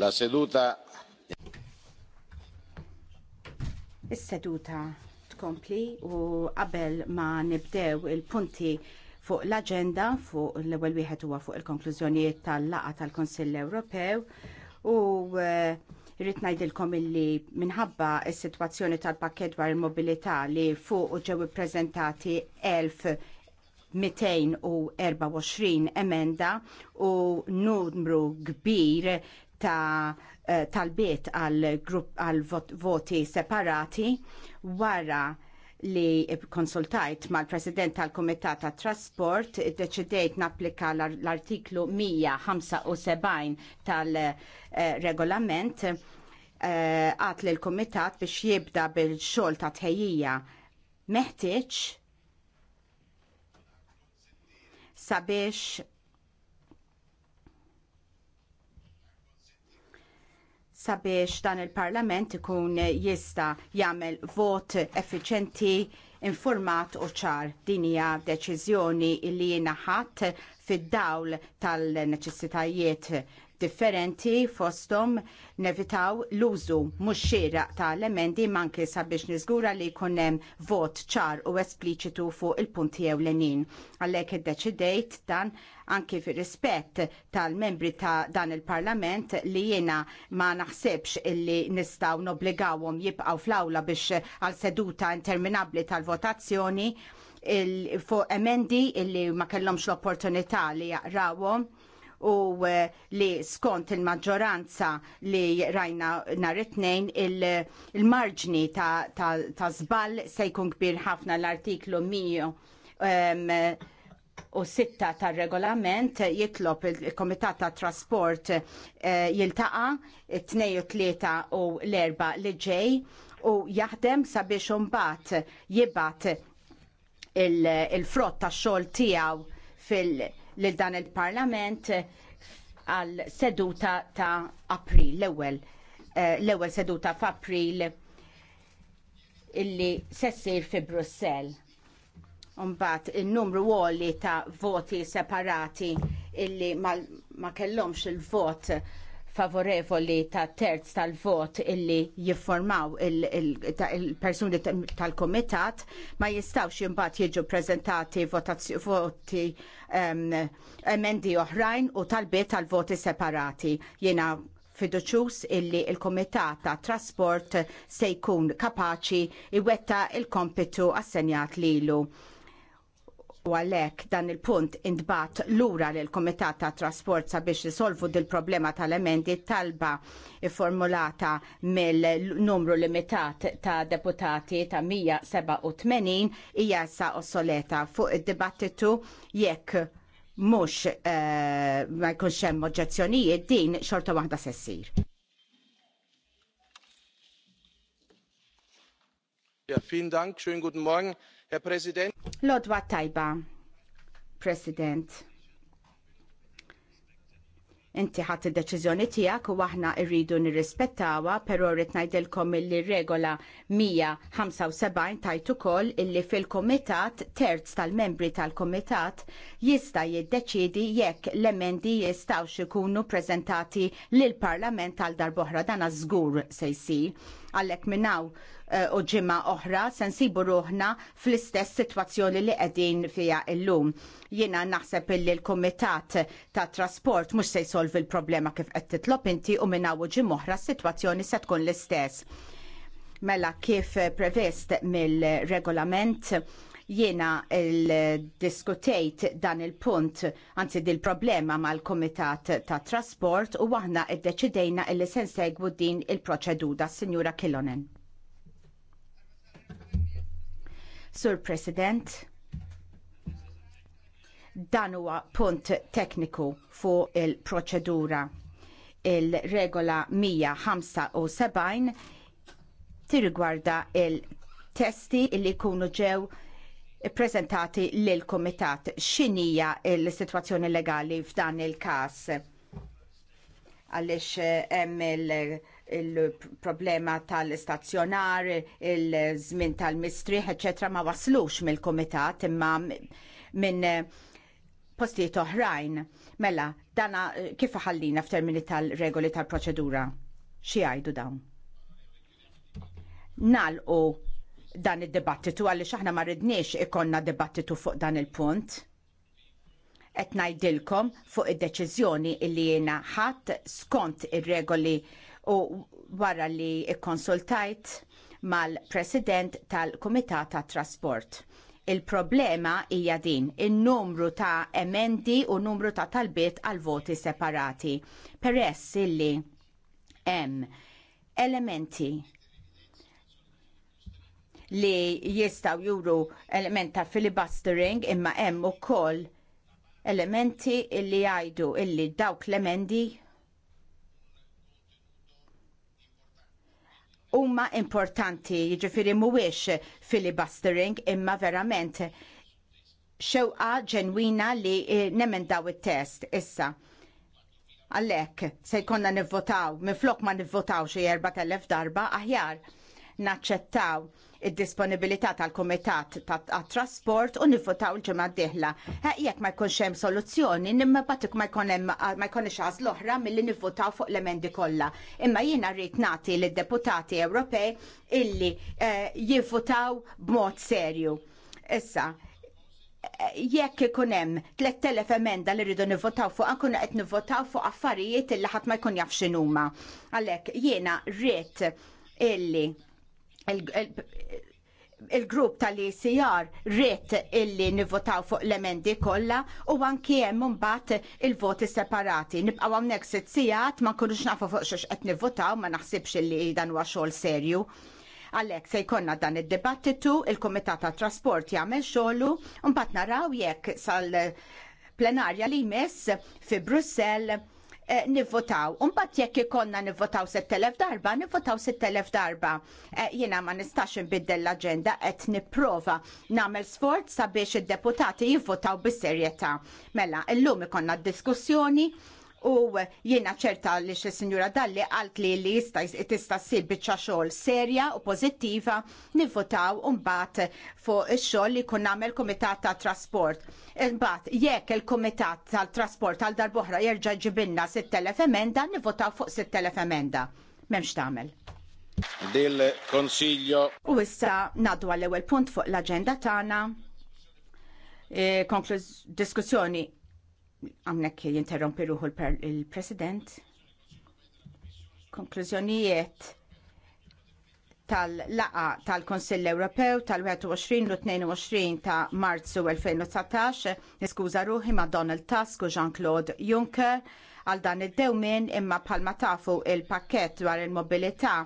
La seduta. Is-seduta tkompli u qabel ma nibdew il-punti fuq l-agenda fuq l-ewwel wieħed huwa fuq il-konklużjonijiet tal-laqgħa tal-Kunsill Ewropew u eh, rrid ngħidilkom illi minħabba s-sitwazzjoni tal-pakket dwar il-mobilità li fuq ġew ippreżentati 1224 emenda u numru kbir ta' eh, talbiet għal voti separati wara li konsultajt mal-President tal-Komitat ta' Trasport deċidejt napplika l-artiklu 175 tal-regolament eh, eh, għat li l-Komitat biex jibda bil-xol ta' tħejjija meħtieġ sabiex sabiex dan il-Parlament ikun jista jagħmel vot effiċenti, informat u ċar. Din hija deċiżjoni li jiena fid-dawl tal-neċessitajiet differenti fosthom nevitaw l-użu mhux xieraq ta' l-emendi manki sabiex niżgura li jkun hemm vot ċar u espliċitu fuq il-punti ewlenin. Għalhekk iddeċidejt dan anki fir rispett tal-membri ta' dan il-Parlament li jiena ma naħsebx illi nistgħu nobbligawhom jibqgħu fl-awla biex għal seduta interminabbli tal-votazzjoni il fuq emendi illi ma kellhomx l-opportunità li jaqrawhom u eh, li skont il-maġġoranza li rajna nhar it-tnejn il-marġni ta', zball se jkun kbir ħafna l-artiklu 100 u sitta tar regolament jitlob il-Komitat ta' Trasport eh, jiltaqa tnej u tlieta u l-erba li ġej u jaħdem sabiex umbat jibat il-frott ta' xol tijaw fil- lil dan il-Parlament għal seduta ta' April, l-ewwel eh, l-ewwel seduta f'April illi se ssir fi Brussell. Umbat il-numru għoli ta' voti separati illi ma, ma kellomx il-vot favorevoli ta' terz tal-vot illi jiffurmaw il-persuni il, il, tal kumitat ma jistawx jimbat jiġu prezentati voti um, emendi oħrajn u talbiet tal-voti separati. Jena fiduċus illi il kumitat ta' Trasport se jkun kapaċi iwetta il-kompitu assenjat lilu. U għalhekk dan il-punt intbat lura lill komitat ta' Trasport sabiex risolvu dil-problema tal-emendi talba formulata mill-numru limitat ta' deputati ta' 187 hija sa' ossoleta fuq id-dibattitu jekk mhux eh, ma jkunx hemm oġġezzjonijiet din xorta waħda sessir. Ja, vielen Dank, schönen guten Morgen. President. Lodwa tajba, President. Inti ħadd id-deċiżjoni tiegħek u aħna rridu nirrispettawha, però rrid ngħidilkom illi regola 175 tajt ukoll illi fil-kumitat terz tal-membri tal-kumitat jista' jiddeċiedi jekk l-emendi jistgħux ikunu prezentati lill Parlament għal darboħra dana żgur se jsir. Għalhekk hawn. Eh, u ġimma oħra se nsibu ruħna fl-istess sitwazzjoni li qegħdin fiha llum. Jiena naħseb illi l-Kumitat ta' Trasport mhux se jsolvi l-problema kif qed titlob inti u minn hawn ġimma oħra s-sitwazzjoni se tkun l-istess. Mela kif prevest mill-regolament Jiena il-diskutejt dan il-punt, anzi dil-problema mal-Komitat ta' Trasport u waħna id-deċidejna il-li sensegwu din il-proċeduda, Signora Killonen. Sur President, dan huwa punt tekniku fuq il-proċedura. Il-regola 175 tirigwarda il-testi li jkunu ġew prezentati lil komitat x'inhija l-sitwazzjoni legali f'dan il-każ għaliex eh, hemm il il-problema tal-istazzjonar, il-żmien tal-mistriħ, eċetera, ma waslux mill-komitat imma minn postijiet oħrajn. Mela, dana kif ħallina f'termini tal-regoli tal-proċedura? Xi jgħidu dawn? Nalqu dan id-dibattitu għalli xaħna ma ridniex ikonna dibattitu fuq dan il-punt qed ngħidilkom fuq id-deċiżjoni il li jiena ħadd skont ir-regoli il u wara li kkonsultajt mal-President tal-Kumitat tat Trasport. Il-problema hija din, in-numru ta' emendi u numru ta' talbiet għal voti separati. Peress illi hemm elementi li jistaw juru element ta' filibustering imma hemm ukoll elementi illi jgħidu illi dawk l-emendi huma importanti, jiġifieri mhuwiex filibustering imma verament xewqa ġenwina li eh, nemendaw it-test issa. Għalhekk se jkonna nivvotaw, minn flok ma nivvotaw xie 4.000 darba, aħjar naċċettaw id-disponibilità tal-Komitat tat-Trasport u nivvotaw il-ġimgħa d-dieħla. Jekk ma jkunx hemm soluzzjoni, nimma batik ma jkun hemm ma jkunx għażl oħra milli nivvotaw fuq l-emendi kollha. Imma jiena rrid nagħti lid-deputati Ewropej illi eh, jivvotaw b'mod serju. Issa, jekk ikun hemm 3000 emenda li rridu nivvotaw fuq ankun qed nivvotaw fuq affarijiet illi ħadd ma jkun jaf x'inhuma. Għalhekk jiena rrid illi il-grupp tal-ECR rrit illi nivvotaw fuq l-emendi kollha u anki hemm bat il-voti separati. Nibqaw hawnhekk sit, sigħat ma nkunux nafu fuq xiex qed nivvotaw ma naħsibx illi dan huwa xogħol serju. Għalhekk se jkollna dan id-dibattitu, il-Kumitat tat Trasport jagħmel xogħlu, u mbagħad naraw jekk sal-plenarja li jmiss fi Brussell Eh, nivvotaw. Umbat jekk ikonna nivvotaw 6.000 darba, nivvotaw 6.000 darba. Eh, Jena ma nistax nbiddel l-agenda et niprofa namel sforz sabiex id-deputati jivvotaw bis-serjetà. Mela, illum ikonna diskussjoni u jiena ċerta li xe sinjura Dalli għalt li li jista tista ssib biċċa xogħol serja u pożittiva nivvotaw mbagħad fuq ix-xogħol li kun nagħmel kumitat tat trasport. Imbagħad jekk il-kumitat tal-trasport għal darbohra jerġa' ġibinna 6000 emenda nivvotaw fuq 6000 emenda. M'hemmx tagħmel. dil Consiglio. U issa ngħaddu għall-ewwel punt fuq l-aġenda tagħna. Eh, diskussjoni għamnek jinterrompi ruħu il-President. Konklużjonijiet tal-laqa tal-Konsill Ewropew tal-21 u 22 ta' Marzu 2019, niskuża ruħi ma' Donald Tusk u Jean-Claude Juncker għal dan id-dewmin imma palma tafu il-pakket dwar il-mobilità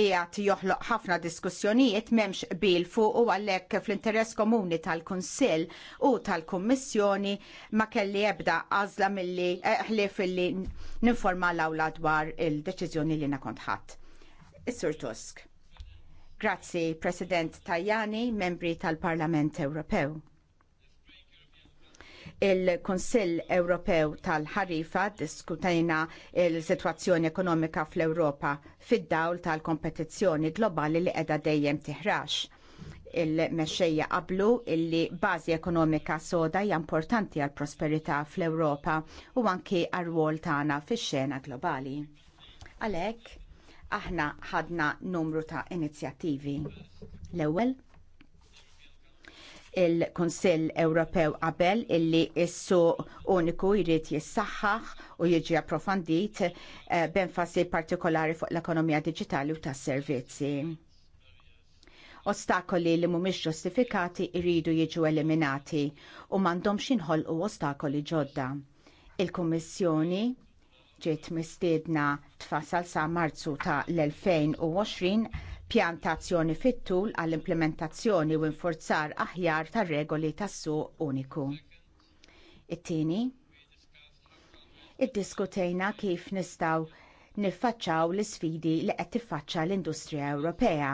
jgħat joħloq ħafna diskussjonijiet m'hemmx bil fuq u għalhekk fl-interess komuni tal-Kunsill u tal-Kummissjoni ma kelli ebda għażla milli eh, ħlief illi ninforma l-awla dwar il-deċiżjoni li nakont ħadd. Is-Sur Tusk. Grazzi, President Tajani, membri tal-Parlament Ewropew il-Konsill Ewropew tal-ħarifa diskutajna il-situazzjoni ekonomika fl-Ewropa fid-dawl tal-kompetizzjoni globali li qiegħda dejjem tiħrax. Il-mexxejja qablu illi bażi ekonomika soda hija importanti għal prosperità fl-Ewropa u anki għar-rwol tagħna fix-xena globali. Għalhekk aħna ħadna numru ta' inizjattivi. L-ewwel il-Konsill Ewropew qabel illi s uniku jrid jissaħħaħ u jiġi approfondit eh, b'enfasi partikolari fuq l-ekonomija diġitali u tas-servizzi. Ostakoli li mhumiex ġustifikati jridu jiġu eliminati u m'għandhomx inħolqu ostakoli ġodda. Il-Kummissjoni ġiet mistiedna tfasal sa marzu ta' l-2020 pjantazzjoni fit-tul għall-implementazzjoni u nforzar aħjar tar regoli tas-suq uniku. It-tieni, iddiskutejna kif nistgħu niffaċċaw l isfidi li qed tiffaċċa l-industrija Ewropea.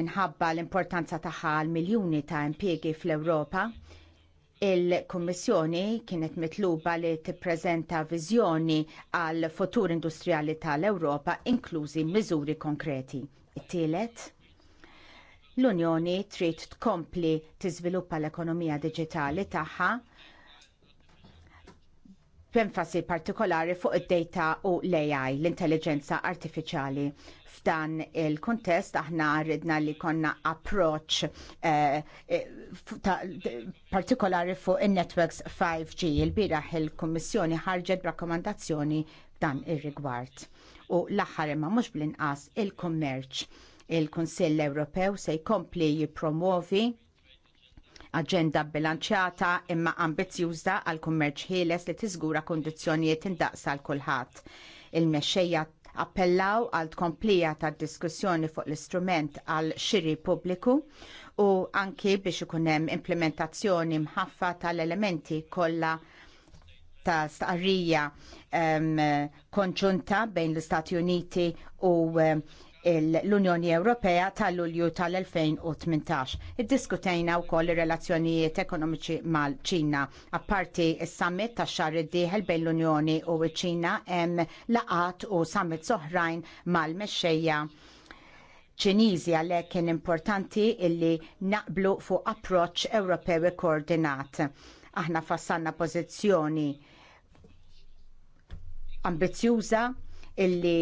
Minħabba l-importanza tagħha għal miljuni ta' impjiegi fl-Ewropa, Il-Kommissjoni kienet mitluba li tippreżenta viżjoni għal futur industrijali tal-Ewropa inklużi miżuri konkreti. Tielet, l-Unjoni trid tkompli tiżviluppa l-ekonomija diġitali tagħha b'enfasi partikolari fuq id-data u l-AI, l-intelligenza artifiċjali. F'dan il-kontest aħna ridna li konna approach eh, eh partikolari fuq in-networks 5G. Il-biraħ il-Kummissjoni ħarġet rakkomandazzjoni dan ir-rigward. U l-aħħar imma mhux bl-inqas il-kummerċ. Il-Kunsill Ewropew se jkompli jippromovi Aġenda bilanċjata imma ambizjuża għal kummerċ ħieles li tiżgura kundizzjonijiet indaqsa għal kulħadd. Il-mexxejja appellaw għal tkomplija tad diskussjoni fuq l-istrument għal xiri pubbliku u anki biex ikun hemm implementazzjoni mħaffa tal-elementi kollha ta' stqarrija konġunta bejn l-Istati Uniti u l-Unjoni Ewropea tal-Lulju tal-2018. Iddiskutejna wkoll ir-relazzjonijiet ekonomiċi mal-Ċina. Apparti s-summit tax xahar id bejn l-Unjoni u ċina hemm laqat u summit soħrajn mal-mexxejja ċiniżi għalhekk kien importanti illi naqblu fuq approċċ Ewropew koordinat. Aħna fassanna pożizzjoni ambizzjuża illi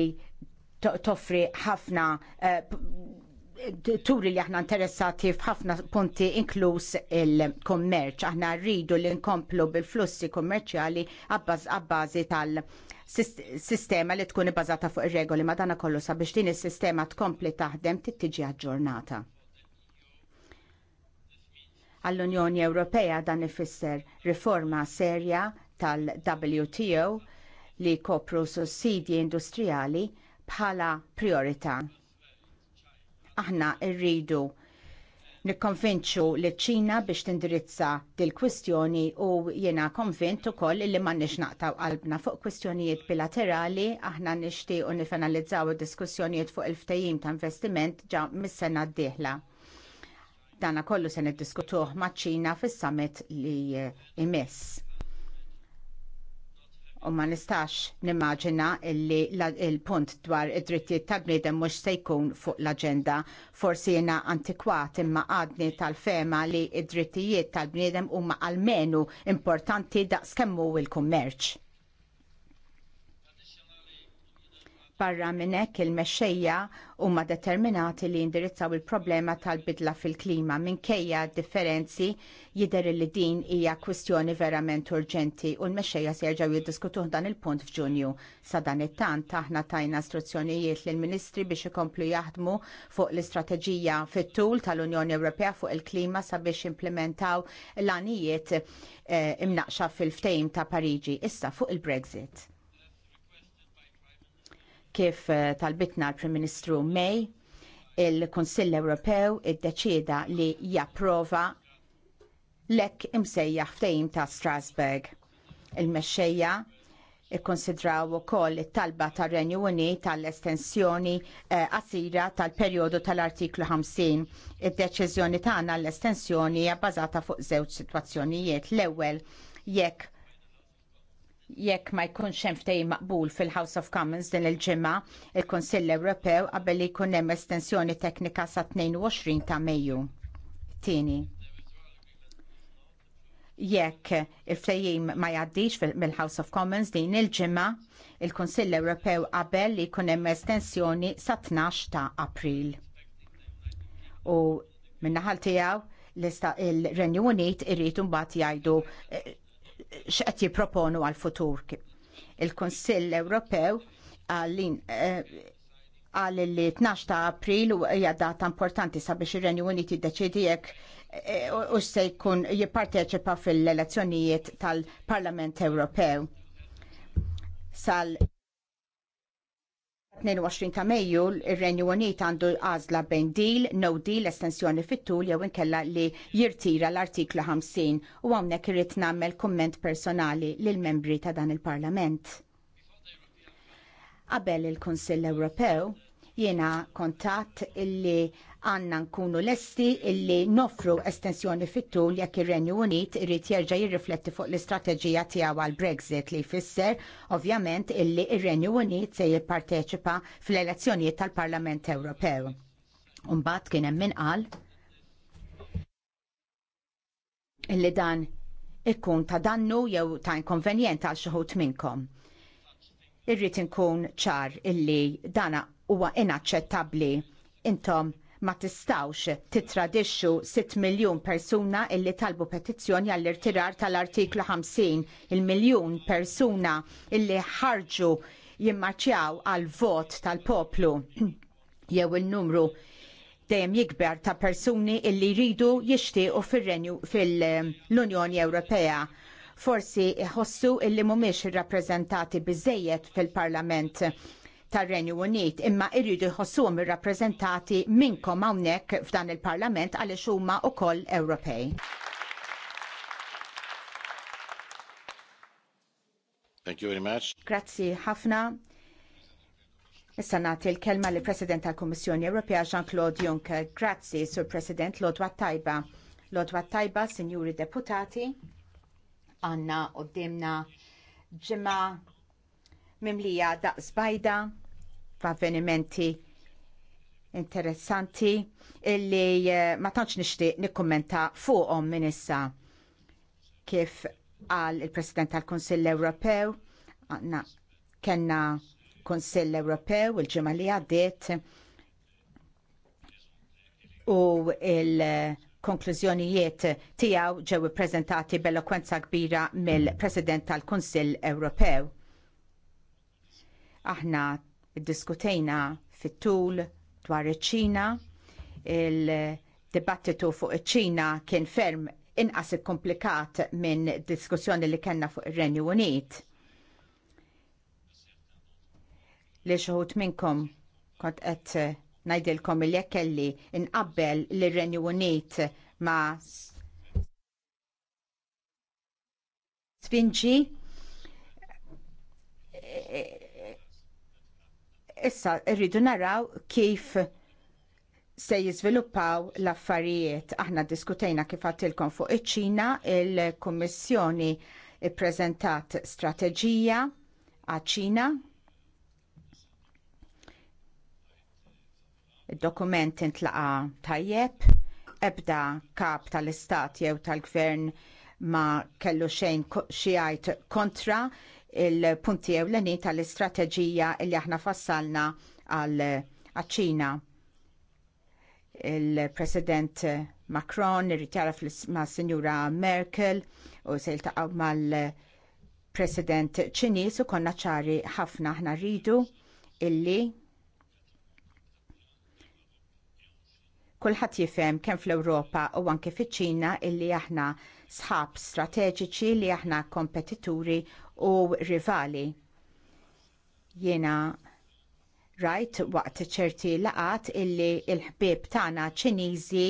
toffri ħafna eh, turi li aħna interessati f'ħafna punti inkluż il-kommerċ. Aħna rridu li nkomplu bil-flussi kommerċjali għabbażi tal-sistema li tkun ibbażata fuq ir-regoli ma dana kollu sabiex din is-sistema tkompli taħdem tittiġi aġġornata. Għall-Unjoni Ewropea dan ifisser riforma serja tal-WTO li kopru sussidji industrijali bħala priorità. Aħna rridu nikkonvinċu li ċina biex tindirizza dil-kwistjoni u jiena konvint ukoll li nix naqtaw qalbna fuq kwistjonijiet bilaterali aħna nixtiequ nifinalizzaw id-diskussjonijiet fuq il-ftehim ta' investiment ġa mis-sena d-dieħla. Dana kollu se niddiskutuh maċ ċina fis-summit li imiss u ma nistax nimmaġina illi il-punt dwar id-drittijiet tal-bniedem mhux se jkun fuq l-aġenda. Forsi jiena antikwat imma għadni tal-fema li id-drittijiet tal-bniedem huma għalmenu importanti daqs kemmu il-kummerċ. Barra minn hekk il-mexxejja huma determinati li jindirizzaw il-problema tal-bidla fil-klima minkejja differenzi jidher li din hija kwistjoni verament urġenti u l-mexxejja se jerġgħu jiddiskutuh dan il-punt f'Ġunju. Sa dan it-tant aħna tajna istruzzjonijiet lill ministri biex ikomplu jaħdmu fuq l-istrateġija fit-tul tal-Unjoni Ewropea fuq il-klima sabiex implementaw l-għanijiet eh, imnaqxa fil-ftejm ta' Pariġi issa fuq il-Brexit kif eh, talbitna l-Prim Ministru May, il-Konsill Ewropew iddeċieda li japprova lek imsejjaħ ftehim ta' Strasbourg. Il-mexxejja ikkonsidraw ukoll it-talba tar-Renju Unit tal-estensjoni eh, qasira eh, tal-perjodu tal-artiklu 50. Id-deċiżjoni tagħna l-estensjoni hija bbażata fuq żewġ sitwazzjonijiet. L-ewwel jekk jekk ma jkunx hemm ftej maqbul fil-House of Commons din il-ġimgħa, il-Kunsill Ewropew qabel li jkun hemm estensjoni teknika sa 22 ta' Mejju. Tieni. Jekk il-ftehim ma jgħaddix mill-House of Commons din il-ġimgħa, il-Kunsill Ewropew qabel li jkun hemm estensjoni sa 12 ta' April. U minnaħal naħa tiegħu il-Renju Unit irrid mbagħad jgħidu eh, x'qed jipproponu għal-futur. Il-Kunsill Ewropew għallin eh, għal li 12 ta' april u hija data importanti sabiex ir-Renju Unit jiddeċidi jekk eh, u se jkun jipparteċipa fil-elezzjonijiet tal-Parlament Ewropew. Sal 22 ta' Mejju ir-Renju Unit għandu għażla bejn deal, no deal, estensjoni fit-tul jew inkella li jirtira l-artiklu 50 u hawnhekk irrid nagħmel kumment personali lil membri ta' dan il-Parlament. Qabel il-Kunsill Ewropew, Jiena kontatt illi għanna nkunu lesti illi nofru estensjoni fit-tul jekk ir-Renju Unit irid jerġa' jirrifletti fuq l-istrateġija tiegħu għal Brexit li jfisser ovvjament illi ir-Renju Unit se jipparteċipa fl-elezzjonijiet tal-Parlament Ewropew. Umbagħad kien hemm min qal illi dan ikkun ta' dannu jew ta' inkonvenjent għal xi ħut minnkom irrit inkun ċar illi dana huwa inaċċettabbli. Intom ma tistawx titradixxu 6 miljun persuna illi talbu petizzjoni għall-irtirar tal-artiklu 50 il-miljun persuna illi ħarġu jimmarċjaw għal vot tal-poplu jew il-numru dejjem jikber ta' persuni illi jridu jixtiequ fil-Unjoni Ewropea forsi iħossu illi mhumiex irrappreżentati biżejjed fil-Parlament tar-Renju Unit imma irridu jħossuhom irrappreżentati minnkom hawnhekk f'dan il-Parlament għaliex huma wkoll Ewropej. Thank you very much. Grazzi ħafna. Issa nagħti l-kelma li President tal-Kummissjoni Ewropea Jean-Claude Juncker. Grazzi, Sur President Lodwa Tajba. Lodwa Tajba, Sinjuri Deputati, għanna u ġimma mimlija daqs bajda f'avvenimenti interessanti illi eh, ma tantx nixtieq nikkummenta fuqhom minn issa kif għal il-President tal kunsill Ewropew, għanna kena Ewropew il-ġimma li għaddiet u il-konklużjonijiet tiegħu ġew ippreżentati b'elokwenza kbira mill-President tal kunsill Ewropew. Aħna diskutejna fit-tul dwar iċ-Ċina, il-dibattitu fuq iċ-Ċina kien ferm inqas komplikat minn diskussjoni li kellna fuq ir-Renju Unit. Li xoħut minnkom kont qed ngħidilkom il kelli inqabbel li renju Unit ma' Sfinġi issa rridu naraw kif se jiżviluppaw l-affarijiet. Aħna diskutejna kif għatilkom fuq iċ-Ċina, il-Kummissjoni ppreżentat strateġija għaċ-Ċina. il dokument intlaqa tajjeb, ebda kap tal-istat jew tal-gvern ma kellu xejn xi kontra il-punti ewlenin tal-istrateġija li aħna fassalna għal ċina. Il-President Macron irrid jaraf ma' Sinjura Merkel u se jiltaqgħu mal-President Ċiniż u konna ċari ħafna aħna rridu illi kulħadd jifhem kemm fl-Ewropa u anke fiċ-Ċina illi aħna sħab strateġiċi li aħna kompetituri u rivali. Jena rajt waqt ċerti laqat illi il-ħbib tagħna ċinizi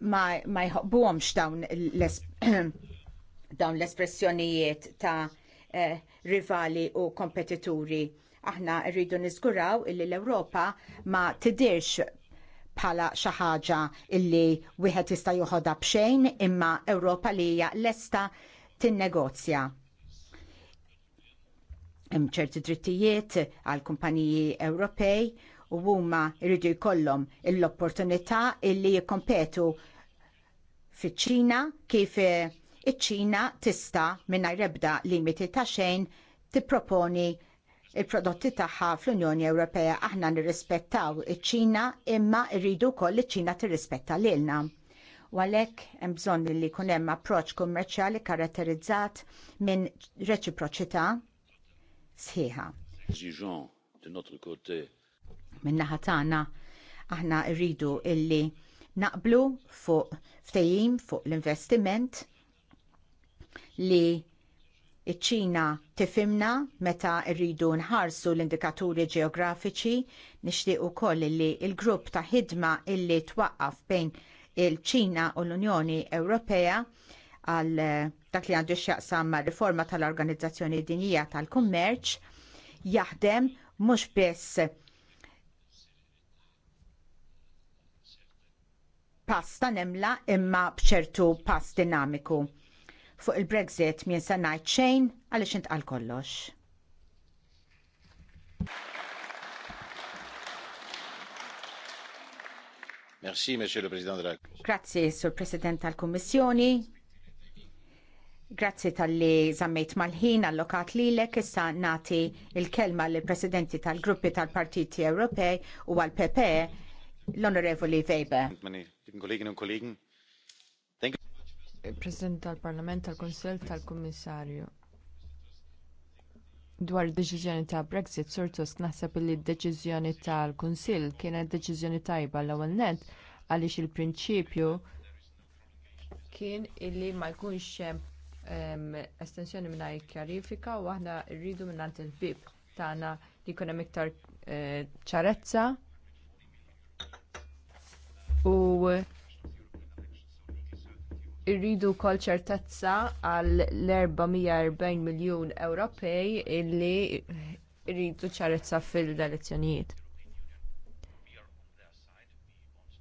ma, ma jħobbuhomx dawn l-espressjonijiet ta' eh, rivali u kompetituri aħna rridu niżguraw illi l-Ewropa ma tidirx bħala xi ħaġa illi wieħed jista' joħodha b'xejn imma Ewropa li hija lesta tinnegozja. Hemm ċerti drittijiet għall kumpaniji Ewropej u huma jridu jkollhom l-opportunità illi jikkompetu fiċ-Ċina kif iċ-Ċina tista' mingħajr ebda limiti ta' xejn tipproponi il-prodotti tagħha fl-Unjoni Ewropea aħna nirrispettaw iċ-Ċina imma rridu wkoll iċ-Ċina tirrispetta lilna. U għalhekk hemm bżonn li jkun hemm approċċ kummerċjali karatterizzat minn reċiproċità sħiħa. Min-naħa tagħna aħna rridu illi naqblu fuq ftehim fuq l-investiment li Iċ-Ċina tifimna meta rridu nħarsu l-indikaturi ġeografiċi nixtieq ukoll li l-grupp ta' ħidma illi twaqqaf bejn il-ċina u l-Unjoni Ewropea għal dak li għandu x'jaqsam mar riforma tal-Organizzazzjoni Dinjija tal-Kummerċ jaħdem mhux biss pass ta' nemla imma bċertu pass dinamiku fuq il-Brexit minn sa ngħid xejn għaliex intqal kollox. Merci, Monsieur le Président de Grazie, Sur President tal-Kommissjoni. Grazzi tal-li zammejt mal-ħin allokat lilek issa nati il-kelma l presidenti tal-gruppi tal-partiti Ewropej u għal-PP e, l-Onorevoli Weber. President tal-Parlament, tal-Konsell, tal-Kummissarju. Dwar id-deċiżjoni ta' Brexit, sortos naħseb li d-deċiżjoni tal-Kunsill kienet deċiżjoni tajba l-ewwel nett għaliex il-prinċipju kien illi ma jkunx hemm estensjoni mingħajr kjarifika u aħna rridu mingħand il-bib tagħna li jkun hemm iktar eh, ċarezza u irridu kol ċertezza għal l-440 miljun Ewropej illi irridu ċarezza fil-elezzjonijiet.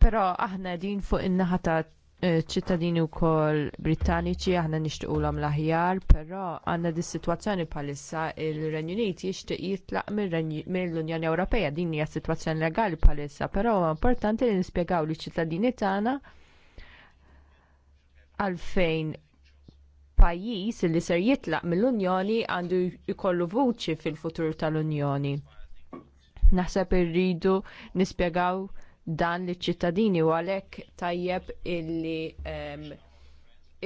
Però aħna din fuq in-naħa ta' ċittadini wkoll Britanniċi aħna nixtiequlhom l-aħjar, pero għandna dis sitwazzjoni bħalissa il-Renju Uniti jixtieq jitlaq mill-Unjoni Ewropea din hija sitwazzjoni legali bħalissa, però importanti li nispjegaw liċ ċittadini tagħna għalfejn pajjiż li ser jitlaq mill-Unjoni għandu jkollu vuċi fil-futur tal-Unjoni. Naħseb irridu nispjegaw dan liċ ċittadini u għalhekk tajjeb illi um,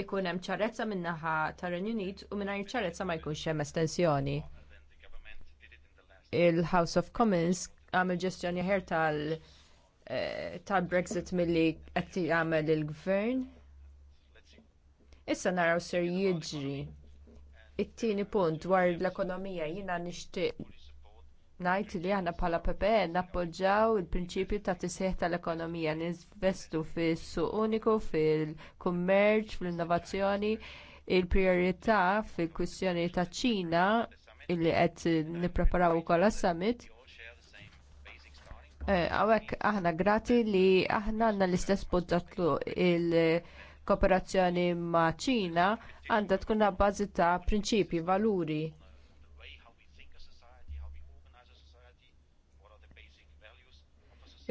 ikun hemm ċarezza min-naħa tar-Renju Unit u mingħajr ċarezza ma jkunx hemm estensjoni. Il-House of Commons għamil ġestjoni ħer eh, tal-Brexit tal milli qed jagħmel il-Gvern Issa naraw ser jiġri. It-tieni punt dwar l-ekonomija jiena nixtieq ngħid li aħna bħala PPE nappoġġjaw il-prinċipju ta' tisħiħ tal-ekonomija ninvestu fis-suq uniku, fil-kummerċ, fl-innovazzjoni, il-prijorità fil-kwistjoni ta' Ċina illi qed nippreparaw ukoll għas-summit. Eh, għawek aħna grati li aħna għandna l-istess punt il- kooperazzjoni ma' ċina għandha tkun bażi ta' prinċipji, valuri.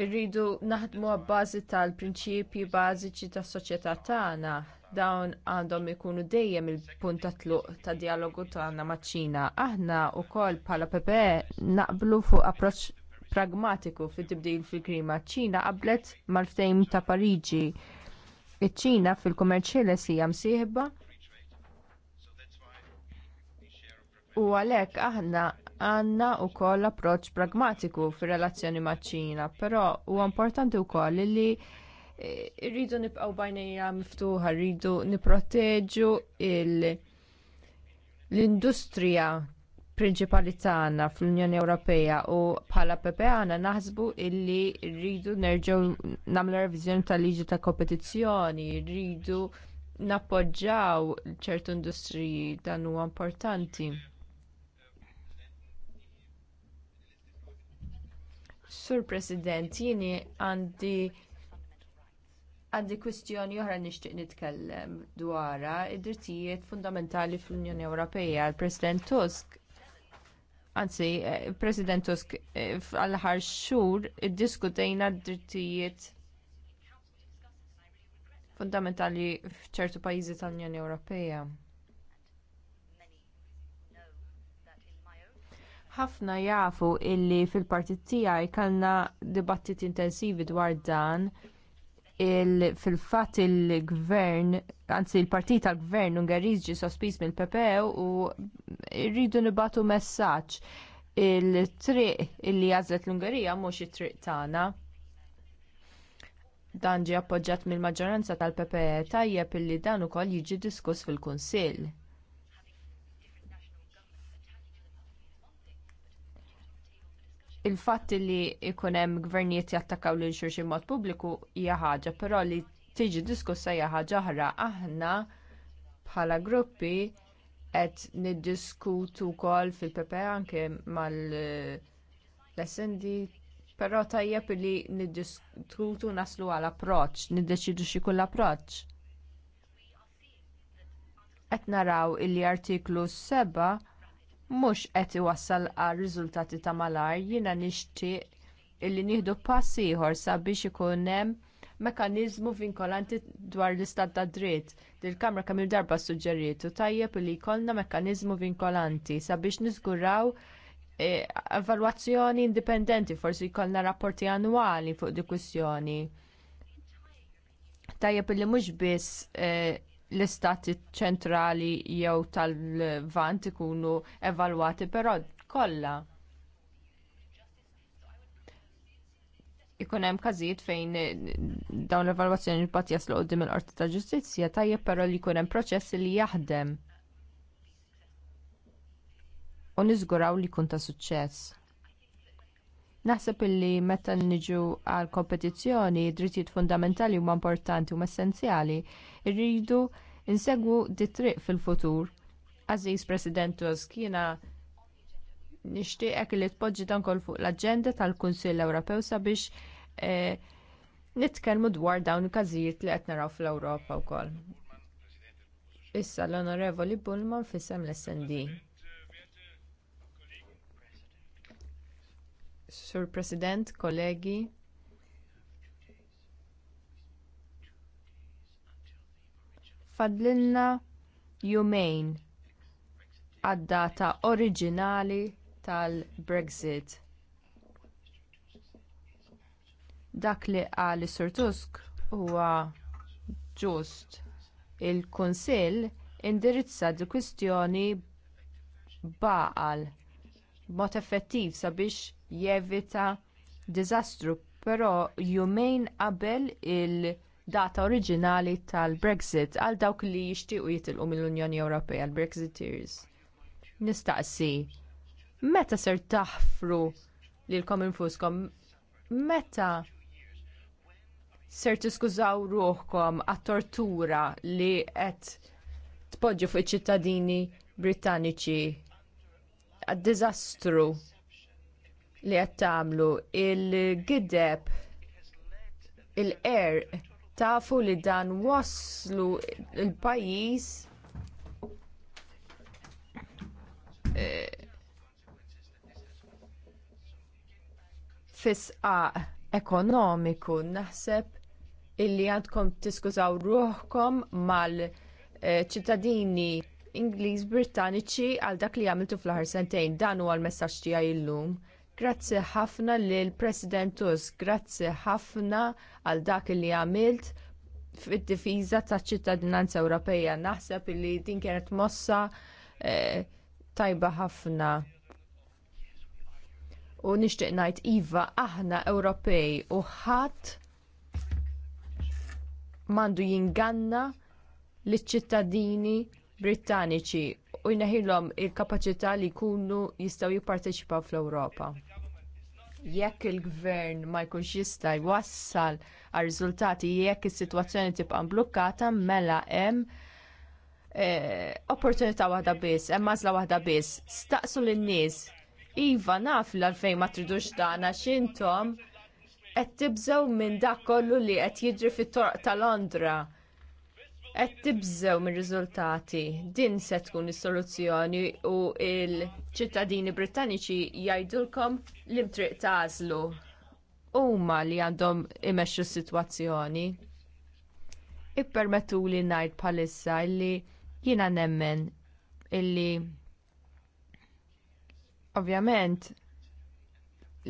Irridu naħdmu għabbażi tal-prinċipji bażiċi tas soċjetà tagħna dawn għandhom ikunu dejjem il-punt ta' tluq ta' dialogu tagħna maċ-Ċina. Aħna wkoll bħala PPE naqblu fuq approċċ pragmatiku fit tibdil fil-klima. ċina qablet mal-ftejm ta' Pariġi Iċ-Ċina fil kummerċjali ħieles msieħba u għalhekk aħna għandna wkoll approċċ pragmatiku fir-relazzjoni maċ-Ċina, però huwa importanti wkoll li eh, rridu nibqgħu bajnejja miftuħa, rridu nipproteġu l-industrija prinċipali tagħna fl-Unjoni Ewropea u bħala PPA għandna naħsbu illi rridu nerġgħu nagħmlu reviżjoni tal-liġi ta' kompetizzjoni, rridu nappoġġjaw ċertu industriji dan huwa importanti. Sur President, jieni għandi għandi kwistjoni oħra nixtieq nitkellem dwarha id-drittijiet fundamentali fl-Unjoni Ewropea. Il-President Tusk Anzi, eh, President Tusk, eh, għall-ħar xhur iddiskutejna d-drittijiet fundamentali f'ċertu pajjiżi tal-Unjoni Ewropea. ħafna jafu illi fil-partit tiegħi kellna dibattit intensivi dwar dan fil-fatt il-gvern, anzi il-partit tal-gvern Ungariż ġie sospiż mill pepew u rridu nibatu messaġġ il-triq illi jażlet l-Ungerija mhux it-triq tagħna. Dan ġie appoġġat mill-maġġoranza tal-PPE tajjeb illi dan ukoll jiġi diskuss fil-Kunsill. il-fatt li jkun hemm gvernijiet jattakaw lil xulxin mod pubbliku hija ħaġa, però li tiġi diskussa hija ħaġa oħra aħna bħala gruppi qed niddiskutu wkoll fil-PP e anke mal-SND però tajjeb li niddiskutu naslu għal approċċ, niddeċidu xi kull approċċ. Qed naraw li artiklu 7 mhux qed iwassal għal riżultati ta' malar jiena nixtieq illi nieħdu pass ieħor sabiex ikun hemm mekkaniżmu vinkolanti dwar l-istat ta' dritt. Dil-Kamra kemm darba suġġeriet u tajjeb li jkollna mekkaniżmu vinkolanti sabiex niżguraw e, evalwazzjoni indipendenti, forsi jkollna rapporti annwali fuq di kwistjoni. Tajjeb li mhux biss eh, l-istati ċentrali jew tal-vant ikunu evalwati, però kollha. Ikun hemm każijiet fejn dawn l-evalwazzjoni mbagħad jaslu qudiem il-Qorti ta' Ġustizzja tajjeb però li jkun hemm proċess li jaħdem. U niżguraw li jkun ta' suċċess. Naħseb illi meta niġu għal kompetizzjoni, drittijiet fundamentali huma importanti u essenzjali. Irridu insegwu di triq fil-futur. Aziz President Tusk, jiena nixtieqek li tpoġġi dan kol fuq l-aġenda tal-Kunsill Ewropew sabiex eh, nitkellmu dwar dawn il-każijiet li qed naraw fl-Ewropa wkoll. Issa l-Onorevoli Bullman fisem l-SND. Sur President, kollegi, Fadlinna jumejn għad-data oriġinali tal-Brexit. Dak li qal is-Sur Tusk huwa ġust. Il-Kunsill indirizza di kwistjoni baqal b'mod effettiv sabiex jevita diżastru, però jumejn qabel il-data oriġinali tal-Brexit għal dawk li jixtiequ jitilqu mill-Unjoni Ewropea l brexiteers Nistaqsi, meta ser taħfru lilkom infuskom? Meta ser tiskużaw ruħkom għat-tortura li qed tpoġġu fuq iċ-ċittadini Brittaniċi għad-diżastru li qed tagħmlu il-gideb il-qerq tafu li dan waslu il-pajjiż eh, fisqaq ekonomiku naħseb illi għandkom tiskużaw ruħkom mal-ċittadini eh, Ingliż Brittaniċi għal dak li għamiltu fl-aħħar sentejn dan huwa l-messaġġ tiegħi llum. Grazzi ħafna lil President Tusk, grazzi ħafna għal dak li għamilt fid-difiża taċ-ċittadinanza Ewropea. Naħseb li din kienet mossa eh, tajba ħafna. U nixtieq ngħid iva aħna Ewropej u ħadd m'għandu jinganna liċ ċittadini Brittaniċi u jneħilhom il-kapaċità li jkunu jistgħu jipparteċipaw fl-Ewropa. Jekk il-gvern ma jkunx jista' jwassal għal riżultati jekk is-sitwazzjoni tibqa' mblukkata mela hemm eh, opportunità waħda biss, hemm mażla waħda biss. Staqsu lin-nies. Iva naf l-għalfejn ma tridux dana x'intom qed tibżgħu minn dak kollu li qed jiġri fit-torq ta' Londra qed tibżew mir-riżultati. Din se tkun is-soluzzjoni u l-ċittadini Brittaniċi jgħidulkom l-imtriq tażlu. Huma li għandhom imexxu s-sitwazzjoni. Ippermettu li ngħid bħalissa li jiena nemmen illi ovvjament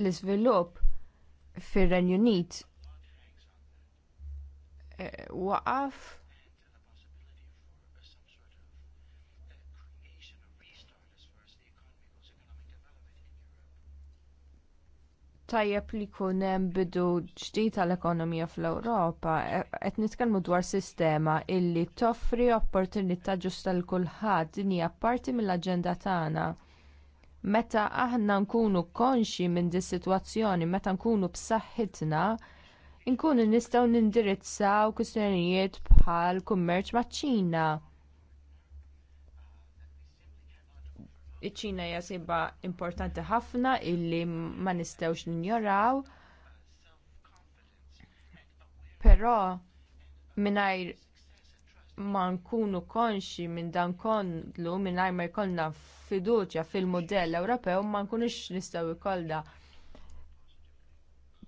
l-iżvilupp fir-Renju Unit eh, waqaf tajjeb li jkun hemm bidu ġdid tal-ekonomija fl-Ewropa, e, qed nitkellmu dwar sistema illi toffri opportunità ġusta l kulħadd din hija parti mill-aġenda tagħna. Meta aħna nkunu konxi minn di sitwazzjoni, meta nkunu b'saħħitna, nkunu nistgħu nindirizzaw kwistjonijiet bħal kummerċ maċ-Ċina iċ-Ċina hija sibba importanti ħafna illi ma nistgħux ninjoraw. Però mingħajr ma nkunu konxi minn dan kollu mingħajr ma jkollna fiduċja fil-modell Ewropew ma nkunux nistgħu jkollna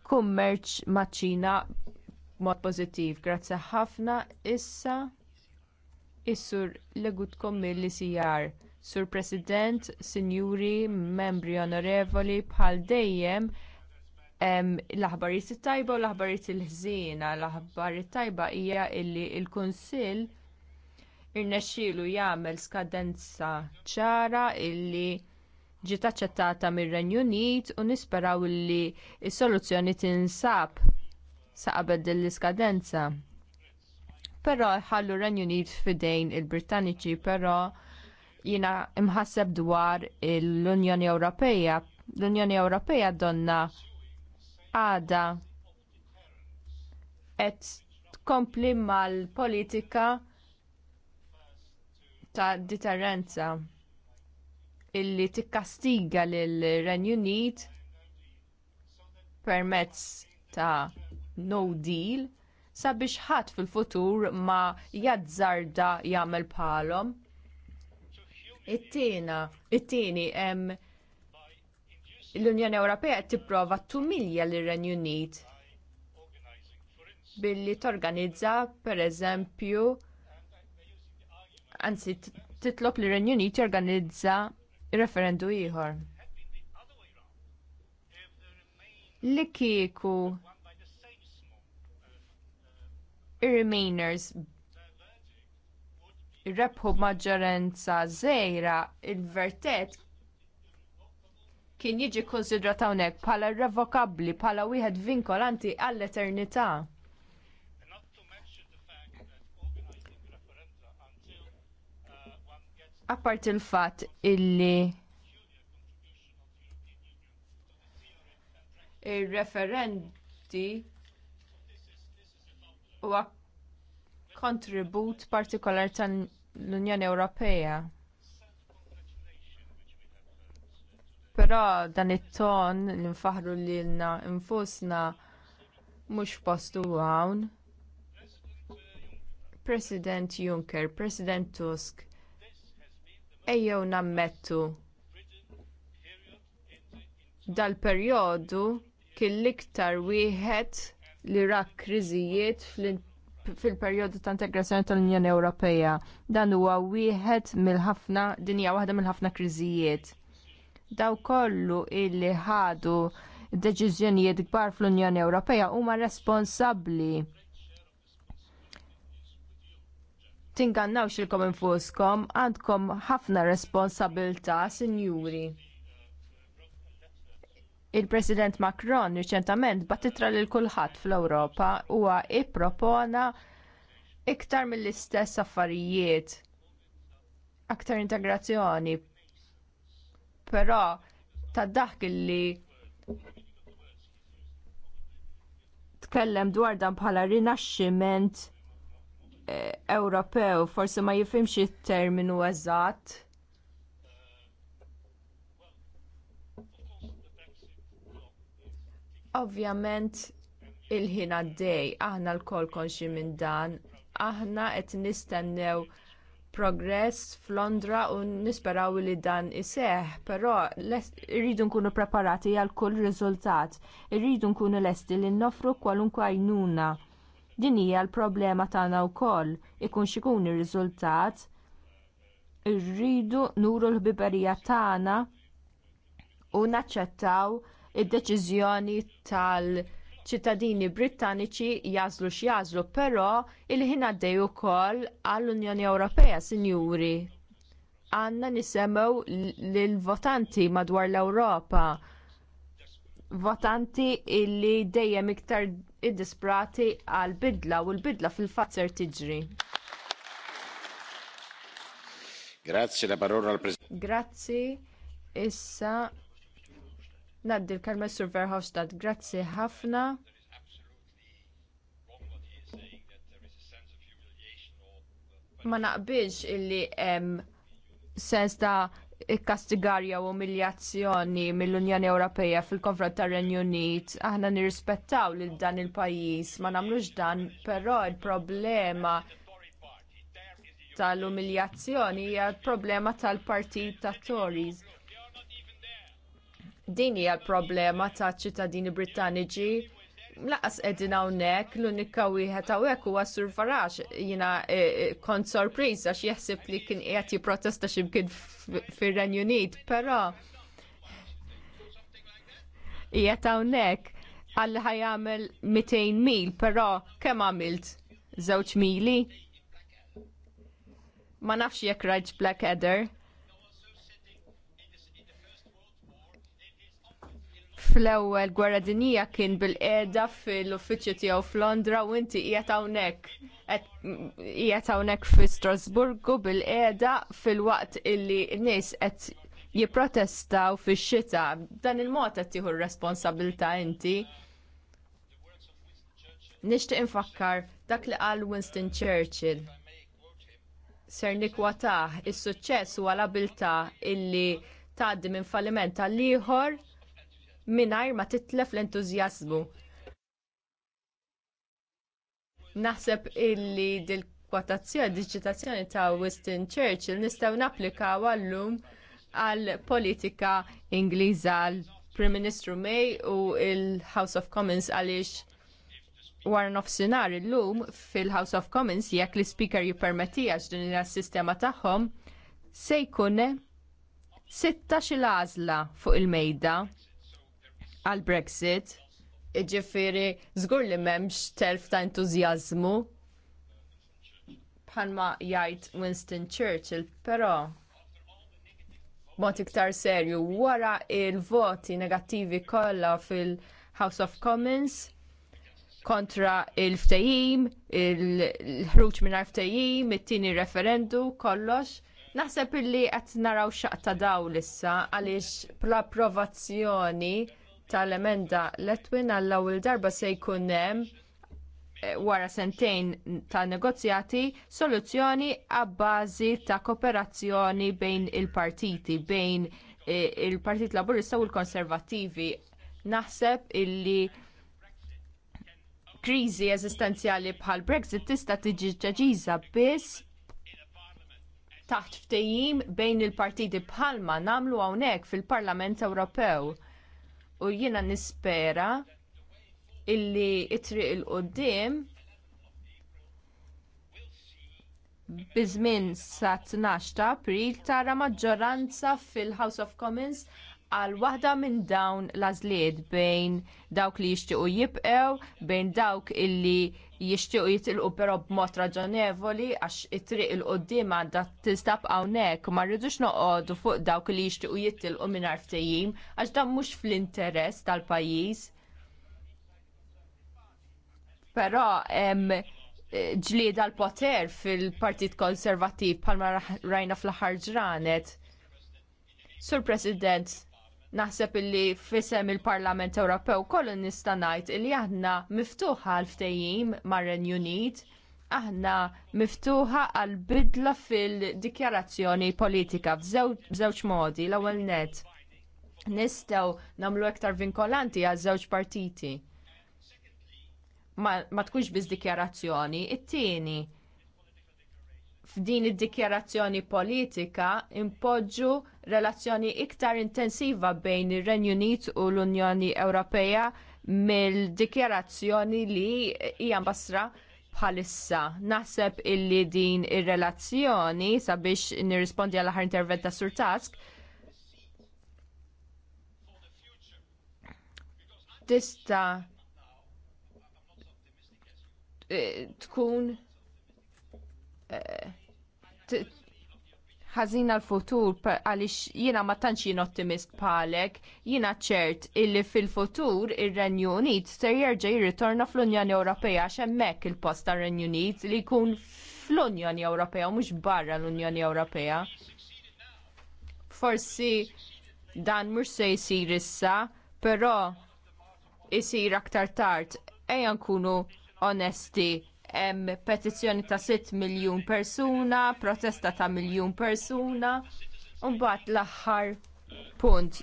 kummerċ maċ-Ċina mod pożittiv. Grazzi ħafna issa is-sur Legutkom mill-ICR. Sur President, Sinjuri, Membri Onorevoli, bħal dejjem l-aħbarijiet it-tajba u l-aħbarijiet il-ħżiena, l-aħbarijiet tajba hija illi l-Kunsill irnexxielu jagħmel skadenza ċara illi ġiet aċċettata mir-Renju Unit u nisperaw illi s-soluzzjoni tinsab sa qabel din l-iskadenza. Però ħallu Renju Unit fidejn il-Brittaniċi, però jina imħasseb dwar l-Unjoni Ewropeja. L-Unjoni Ewropeja donna għada et tkompli mal-politika ta' deterrenza illi tikkastiga lil renju Unit permezz ta' no deal sabiex ħadd fil-futur ma jazzarda jagħmel bħalhom it tina it-tieni l-Unjoni Ewropea qed tipprova tumilja lir-Renju Unit billi torganizza pereżempju anzi titlob li renju Unit jorganizza referendu ieħor. Li kieku ir-Remainers rebħu maġġorenza żgħira il-vertet kien jiġi kkunsidrat hawnhekk bħala irrevokabbli bħala wieħed vinkolanti għall-eternità. Apparti il-fatt illi ir-referenti huwa kontribut partikolar tan l-Unjoni Ewropea. Però dan it-ton li nfaħru lilna infusna mhux postu hawn. President Juncker, President Tusk, ejjew nammettu dal-perjodu kien l-iktar wieħed li rak kriżijiet fl fil-perjodu ta' integrazzjoni tal-Unjoni Ewropea. Dan huwa wieħed mill-ħafna dinja waħda mill-ħafna kriżijiet. Daw kollu illi ħadu deċiżjonijiet kbar fl-Unjoni Ewropea huma responsabbli tingannawx ilkom infuskom, għandkom ħafna responsabilta, sinjuri. Il-President Macron riċentament battitra lil kulħadd fl-Ewropa huwa ippropona iktar mill-istess affarijiet, aktar integrazzjoni. Però ta' dak li tkellem dwar dan bħala rinaxximent eh, Ewropew forsi ma jifhimx it-terminu eżatt Ovvjament il-ħin għaddej, aħna lkoll konxi minn dan, aħna qed nistennew progress f'Londra u nisperaw li dan iseħħ, però irridu nkunu preparati għal kull riżultat, irridu nkunu lesti li noffru kwalunkwe għajnuna. Din hija l-problema tagħna wkoll, ikun xikun ir-riżultat, irridu nuru l-ħbiberija tagħna u naċċettaw id-deċiżjoni tal-ċittadini Brittaniċi jażlu x'jażlu, però il-ħin għaddej ukoll għall-Unjoni Ewropea, sinjuri. Għandna nisemgħu lill votanti madwar l-Ewropa votanti illi dejjem iktar iddisprati għal bidla u l-bidla fil-fatt ser tiġri. Grazzi la parola al Presidente. Grazzi. Issa Naddi l karmel Sur Verhofstadt, grazzi ħafna. Ma naqbilx illi hemm sens ta' kastigarja u umiljazzjoni mill-Unjoni Ewropea fil-konfront tar-Renju Unit, aħna nirrispettaw lil dan il-pajjiż, ma nagħmlux dan, però l problema tal-umiljazzjoni hija l problema tal-partit ta' Tories. Din hija l-problema ta' ċittadini Brittaniċi laqas qegħdin hawnhekk l-unika wieħed hawnhekk huwa Sur Farax jiena eh, eh, kont sorpriż għax jeħseb li kien qiegħed jipprotesta x'imkien fir-Renju Unit, però qiegħed hawnhekk għal jagħmel 200 mil, però kemm għamilt żewġ mili? Ma nafx jekk Black Blackadder. fl-ewwel gwerra dinija kien bil-qiegħda fil-uffiċċju tiegħu f'Londra u inti qiegħed hawnhekk qiegħed hawnhekk fi Strasburgu bil-qiegħda fil-waqt illi nies qed jipprotestaw fix-xita. Dan il-mod qed tieħu r-responsabilità inti. Nixtieq infakkar dak li qal Winston Churchill ser nikwataħ is-suċċess huwa l-abilità illi tgħaddi minn falliment għal ieħor mingħajr ma titlef l-entużjażmu. Naħseb illi dil-kwotazzjoni, digitazzjoni ta' Winston Churchill nistgħu napplikaw għallum għall politika Ingliża għall Prim Ministru May u l house of Commons għaliex war nofsinhar illum fil-House of Commons jekk l-Speaker jippermettija din il sistema tagħhom se jkun 16-il għażla fuq il-mejda għal-Brexit, ġifiri, zgur li memx telf ta' entuzjazmu. Bħalma jgħid Winston Churchill, pero mod iktar serju, wara il-voti negattivi kollha fil-House of Commons, kontra il-ftajim, il-ħruġ minna ftajim, it-tini referendu, kollox. Naħseb illi qed naraw xaqta daw lissa għaliex bl-approvazzjoni tal-emenda Letwin għall-ewwel darba se jkun hemm eh, wara sentejn ta' negozjati soluzzjoni għabbażi ta' kooperazzjoni bejn il-partiti, bejn eh, il-Partit Laburista u l-Konservattivi. Naħseb illi kriżi eżistenzjali bħal Brexit tista' tiġi ġaġiża biss taħt ftehim bejn il-partiti bħalma nagħmlu hawnhekk fil-Parlament Ewropew u jiena nispera illi it-triq il-qoddim bizmin sa 12 ta' april tara maġġoranza fil-House of Commons għal waħda minn dawn l bejn dawk li jixtiequ jibqew, bejn dawk illi jixtiequ jitilqu però b'mod raġonevoli għax it-triq il-qoddim għandha tistab hawnhekk ma rridux noqogħdu fuq dawk li jixtiequ jitilqu mingħajr ftehim għax dan mhux fl-interess tal-pajjiż. Però hemm ġlieda l-poter fil-Partit Konservattiv palma rajna fl-aħħar ġranet. Sur President, naħseb illi fisem il-Parlament Ewropew kollu nista' ngħid illi aħna miftuħa għal ftehim mar-Renju Unit aħna miftuħa għal bidla fil-dikjarazzjoni politika b'żewġ modi l-ewwel net. Nistgħu nagħmlu iktar vinkolanti għal żewġ partiti ma tkunx biz dikjarazzjoni, it-tieni f'din id-dikjarazzjoni politika impoġġu relazzjoni iktar intensiva bejn ir-Renju Unit u l-Unjoni Ewropea mill-dikjarazzjoni li hija mbassra bħalissa. Naħseb illi din ir-relazzjoni sabiex nirrispondi għal aħħar intervent ta' Sur Task tista' Eh, tkun eh, ħażina l-futur għaliex jiena ma tantx jien ottimist bħalek, jiena ċert illi fil-futur ir-Renju Unit se jerġa' jirritorna fl-Unjoni Ewropea għax hemmhekk il-post tar-Renju Unit li jkun fl-Unjoni Ewropea u mhux barra l-Unjoni Ewropea. Forsi dan mhux se jsir issa, però isir aktar tard ejja nkunu onesti hemm petizzjoni ta' 6 miljun persuna, protesta ta' miljun persuna, u mbagħad l-aħħar punt.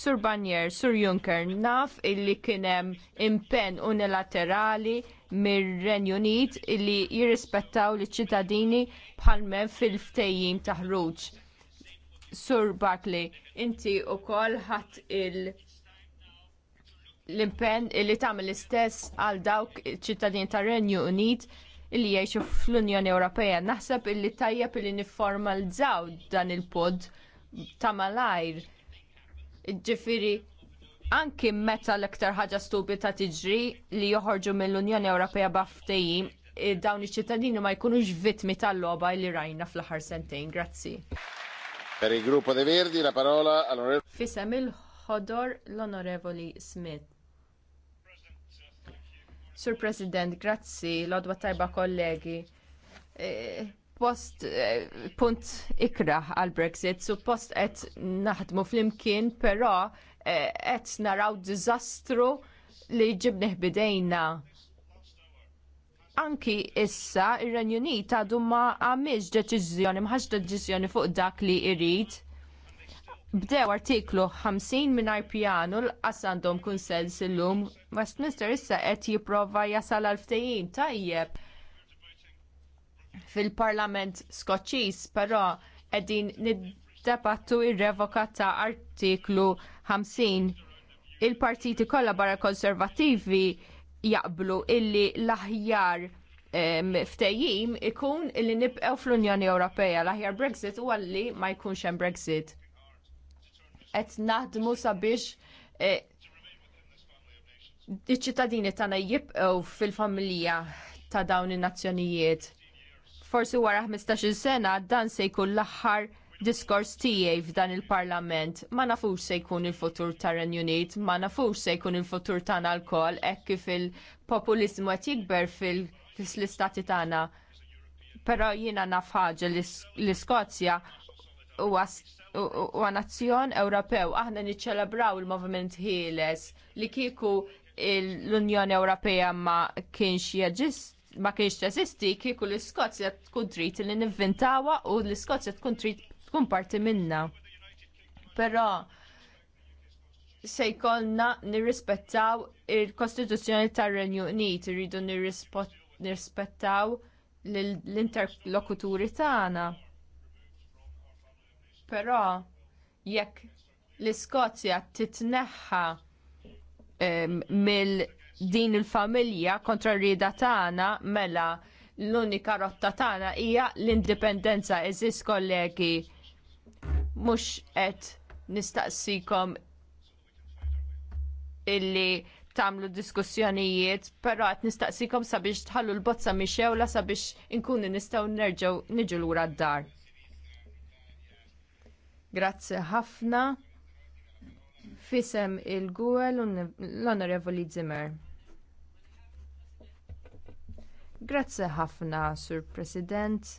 Sur Banjer, Sur Juncker, naf illi kien hemm impenn unilaterali mir-Renju Unit illi jirrispettaw li ċittadini bħalmen fil-ftejjim ta' Sur Bartley, inti wkoll ħadd il- l-impenn li tagħmel l-istess għal dawk ċittadin tar Renju Unit illi jgħixu fl-Unjoni Ewropea. Naħseb illi tajjeb illi nifformalizzaw dan il-pod ta' malajr. Ġifiri, anki meta l-iktar ħaġa stupida tiġri li joħorġu mill-Unjoni Ewropea baftejjim, eh, dawn iċ-ċittadini ma jkunux vittmi tal-loba li rajna fl-aħħar sentejn. Grazzi. Per il gruppo De Verdi la parola all'onorevole Fisem il-ħodor l-onorevoli Smith. Sur President, grazzi, l-odwa tajba kollegi. E, post e, punt ikra għal Brexit, suppost post qed naħdmu flimkien, però e, qed naraw diżastru li ġibneħ bidejna. Anki issa ir-Renju Unit għadu għamiex deċiżjoni, mħax deċiżjoni fuq dak li jrid bdew artiklu 50 mingħajr pjanu l-qas għandhom kun sens illum. Westminster issa qed jipprova jasal għal ftehim tajjeb fil-Parlament Skoċċiż, però qegħdin niddebattu ir-revoka ta' artiklu 50. Il-partiti kollha barra konservattivi jaqblu illi l-aħjar ftejjim ikun illi nibqgħu fl-Unjoni Ewropea l-aħjar Brexit u għalli ma jkunx hemm Brexit qed naħdmu sabiex e, iċ-ċittadini tagħna jibqgħu fil-familja ta' dawn in-nazzjonijiet. Forsi wara 15-il sena dan se jkun l-aħħar diskors tiegħi f'dan il-Parlament. Ma nafux se jkun il-futur tar-Renju Unit, ma nafux se jkun il-futur tagħna lkoll hekk kif il-populiżmu qed jikber fil-istati tagħna. Però jiena naf li l-Iskozja huwa huwa nazzjon Ewropew. Aħna niċċelebraw il-movement ħieles li kieku l-Unjoni Ewropea ma kienx jaġist ma kienx jazisti, kieku l-Iskozja tkun trid li nivvintawa u l-Iskozja tkun trid tkun parti minna. Però se jkollna nirrispettaw il-Kostituzzjoni tar-Renju Unit, irridu nirrispettaw l-interlokuturi tagħna però jekk l-Iskozja titneħħa mill din il-familja kontra rida tagħna mela l-unika rotta tagħna hija l-indipendenza eżis kollegi mhux qed nistaqsikom illi tagħmlu diskussjonijiet, però qed nistaqsikom sabiex tħallu l-bozza mixewla sabiex inkunu nistgħu nerġgħu niġu lura d-dar. Grazzi ħafna. Fisem il-Guel l-Onorevoli Zimmer. Grazzi ħafna, Sur President.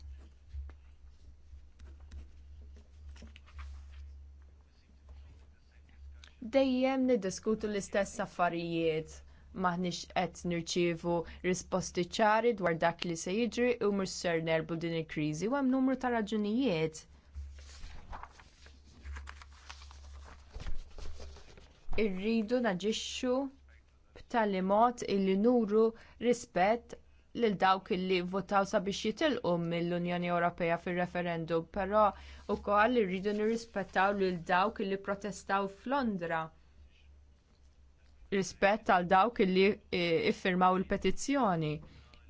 Dejjem niddiskutu l-istess affarijiet maħniex qed nirċievu risposti ċari dwar dak li se jiġri u mhux ser nerbu din il-kriżi u hemm numru ta' raġunijiet irridu naġixxu b'tali mod illi nuru rispett lil dawk illi votaw sabiex jitilqu mill-Unjoni Ewropea fir-referendum, però wkoll irridu nirrispettaw lil dawk illi protestaw f'Londra. Rispett għal dawk illi e, iffirmaw il-petizzjoni,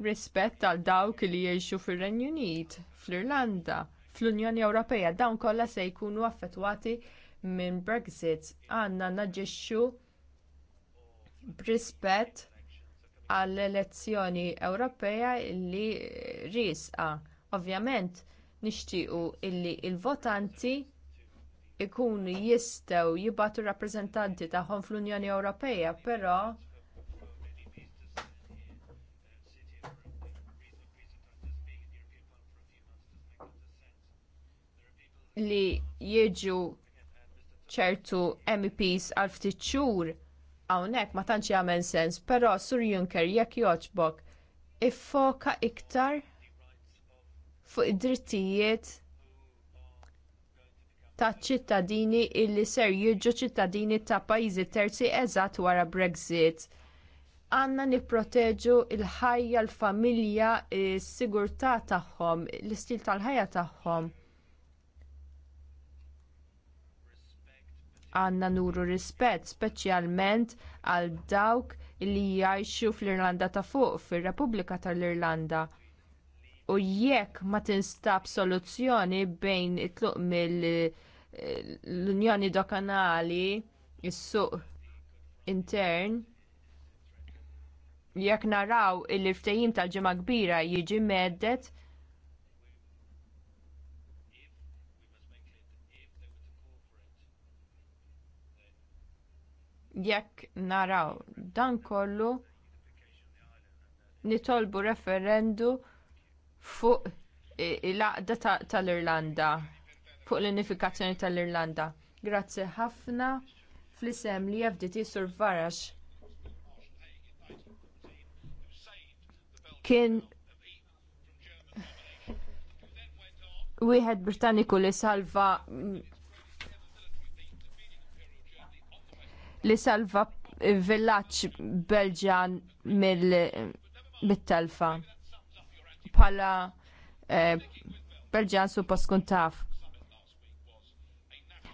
rispett għal dawk illi jgħixu fir-Renju Unit, fl-Irlanda, fl-Unjoni Ewropea, dawn kollha se jkunu affettwati minn Brexit għandna naġixxu b'rispett għall-elezzjoni Ewropea li risqa. Ovvjament nixtiequ illi l il votanti ikunu jistgħu jibatu rappreżentanti tagħhom fl-Unjoni Ewropea, però li jiġu ċertu MEPs għal ftit xhur hawnhekk ma tantx jagħmel sens, però Sur Juncker jekk jogħġbok iffoka iktar fuq id-drittijiet taċ ċittadini illi ser jiġu ċittadini ta' pajjiżi terzi eżatt wara Brexit. Għandna nipproteġu l ħajja l-familja, s-sigurtà tagħhom, l-istil tal-ħajja tagħhom. għandna nuru rispett speċjalment għal dawk li jgħixu fl-Irlanda ta' fuq, fir-Repubblika tal-Irlanda. U jekk ma tinstab soluzzjoni bejn it-tluq mill-Unjoni Dokanali, is-suq intern, jekk naraw il-ftehim tal-ġimgħa kbira jiġi medet, jekk naraw dan kollu nitolbu referendu fuq il-għaqda tal-Irlanda, fuq l-unifikazzjoni tal-Irlanda. Grazzi ħafna fl-isem li FDT Sur Varax kien wieħed Britanniku li salva li salva villaċ Belġan mill-telfa. Pala eh, Belġjan Belġan suppost tkun taf.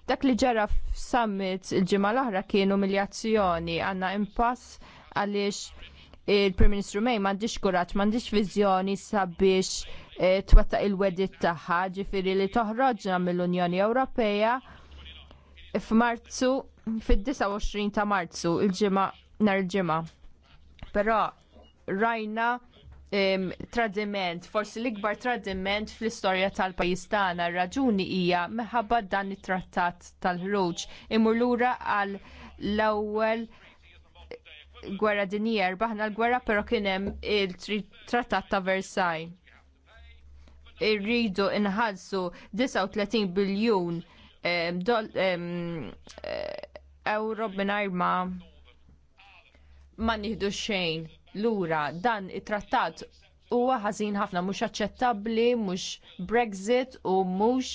Dak li ġara f'summit il-ġimgħa l-oħra kien umiljazzjoni għandna impass għaliex il-Prim Ministru May m'għandix kuraġġ, m'għandix viżjoni sabiex eh, twettaq il-wedit tagħha, ġifieri li toħroġna mill-Unjoni Ewropea f'Marzu fid-29 ta' Marzu il-ġimgħa nhar il-ġimgħa. Però rajna um, tradiment, forsi l-ikbar tradiment fl-istorja tal-pajis tagħna. Raġuni hija meħabba dan it-trattat tal-ħruġ imur lura għal l-ewwel gwerra dinjer baħna l-gwerra però kien hemm il-trattat ta' Versailles. Irridu inħallsu 39 biljun um, ew robin arma ma nieħdu xejn lura dan it-trattat huwa ħażin ħafna mhux aċċettabbli, mhux Brexit u mhux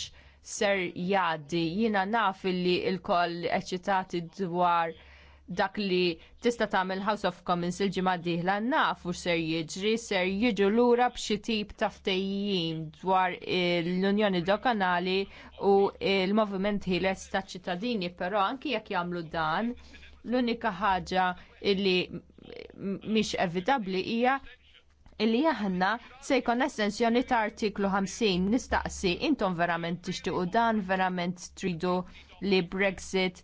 ser jgħaddi. Jiena naf illi l-koll eċitati dwar dak li tista tagħmel House of Commons il-ġimgħa d-dieħla nafu ser jiġri ser jiġu lura b'xi tip ta' ftejjim dwar l-Unjoni Dokanali u l-Moviment Ħieles taċ ċittadini, però anki jekk jagħmlu dan, l-unika ħaġa li mhix evitabli hija illi aħna se jkun essenzjoni ta' artiklu 50 nistaqsi intom verament tixtiequ dan verament tridu li Brexit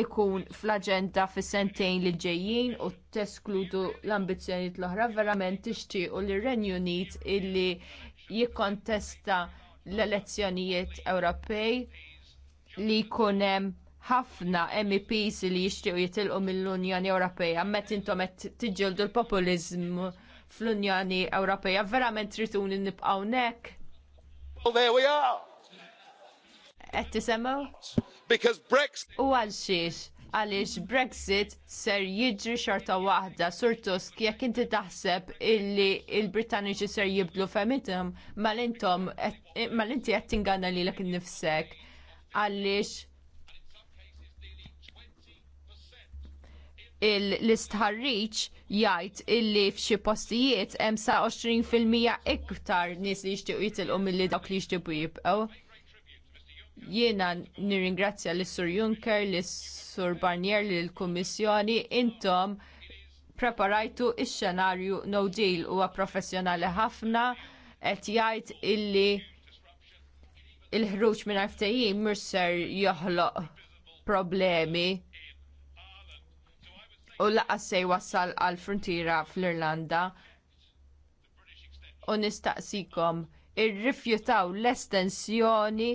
ikun fl-aġenda fis-sentejn li ġejjin u teskludu l-ambizzjonijiet l-oħra verament tixtiequ li renju Unit illi jikkontesta l-elezzjonijiet Ewropej li jkun hemm ħafna MEPs li jixtiequ jitilqu mill-Unjoni Ewropea, meta intom qed tiġġieldu l-populiżmu fl-Unjoni Ewropea, verament trituni nibqgħu nek. Qed tisemgħu? because Brexit. U għalxiex għaliex Brexit ser jiġri xorta waħda surtus Tusk jekk inti taħseb illi il-Britanniċi ser jibdlu femitum mal-intom mal-inti qed eh, tinganna lilek innifsek għaliex l-istħarriċ jgħid illi f'xi postijiet hemm sa 20% iktar nies li jixtiequ jitilqu milli dawk li jixtiequ jibqgħu. Jiena nirringrazzja l sur Juncker, l sur Barnier, l kummissjoni intom preparajtu il-xenarju no deal huwa professjonali ħafna qed jgħid illi il-ħruġ minn FTI mhux ser joħloq problemi u laqas se jwassal għal frontiera fl-Irlanda u nistaqsikom irrifjutaw l-estensjoni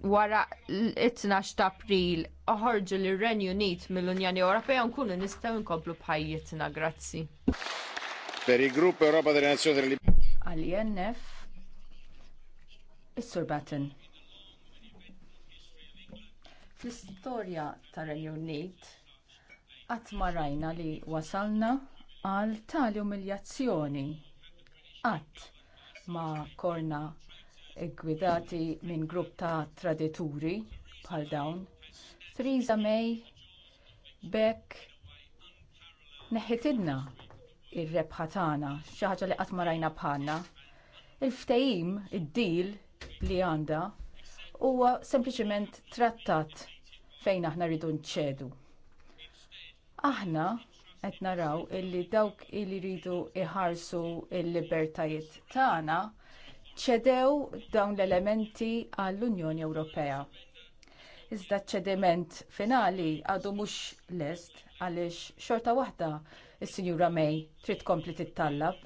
wara l-12 ta' april oħorġu l renju Unit mill-Unjoni Ewropea nkunu nistgħu nkomplu bħajjitna, grazzi. Per il-Grupp Europa delle Nazioni delle Għal-INF, Is-Sur Batten. Fl-istorja tar renju Unit, qatt ma rajna li wasalna għal tali umiljazzjoni. Qatt ma korna gwidati minn grupp ta' tradituri bħal dawn. Theresa May bekk neħitidna r rebħa tagħna xi ħaġa li qatt ma rajna bħalna. Il-ftehim, id-dil li għandha huwa sempliċement trattat fejn aħna rridu nċedu. Aħna qed naraw illi dawk illi rridu iħarsu l libertajiet tagħna ċedew dawn l-elementi għall-Unjoni Ewropea. Iżda ċediment finali għadu mhux lest għaliex xorta waħda is-Sinjura May trid kompli tittallab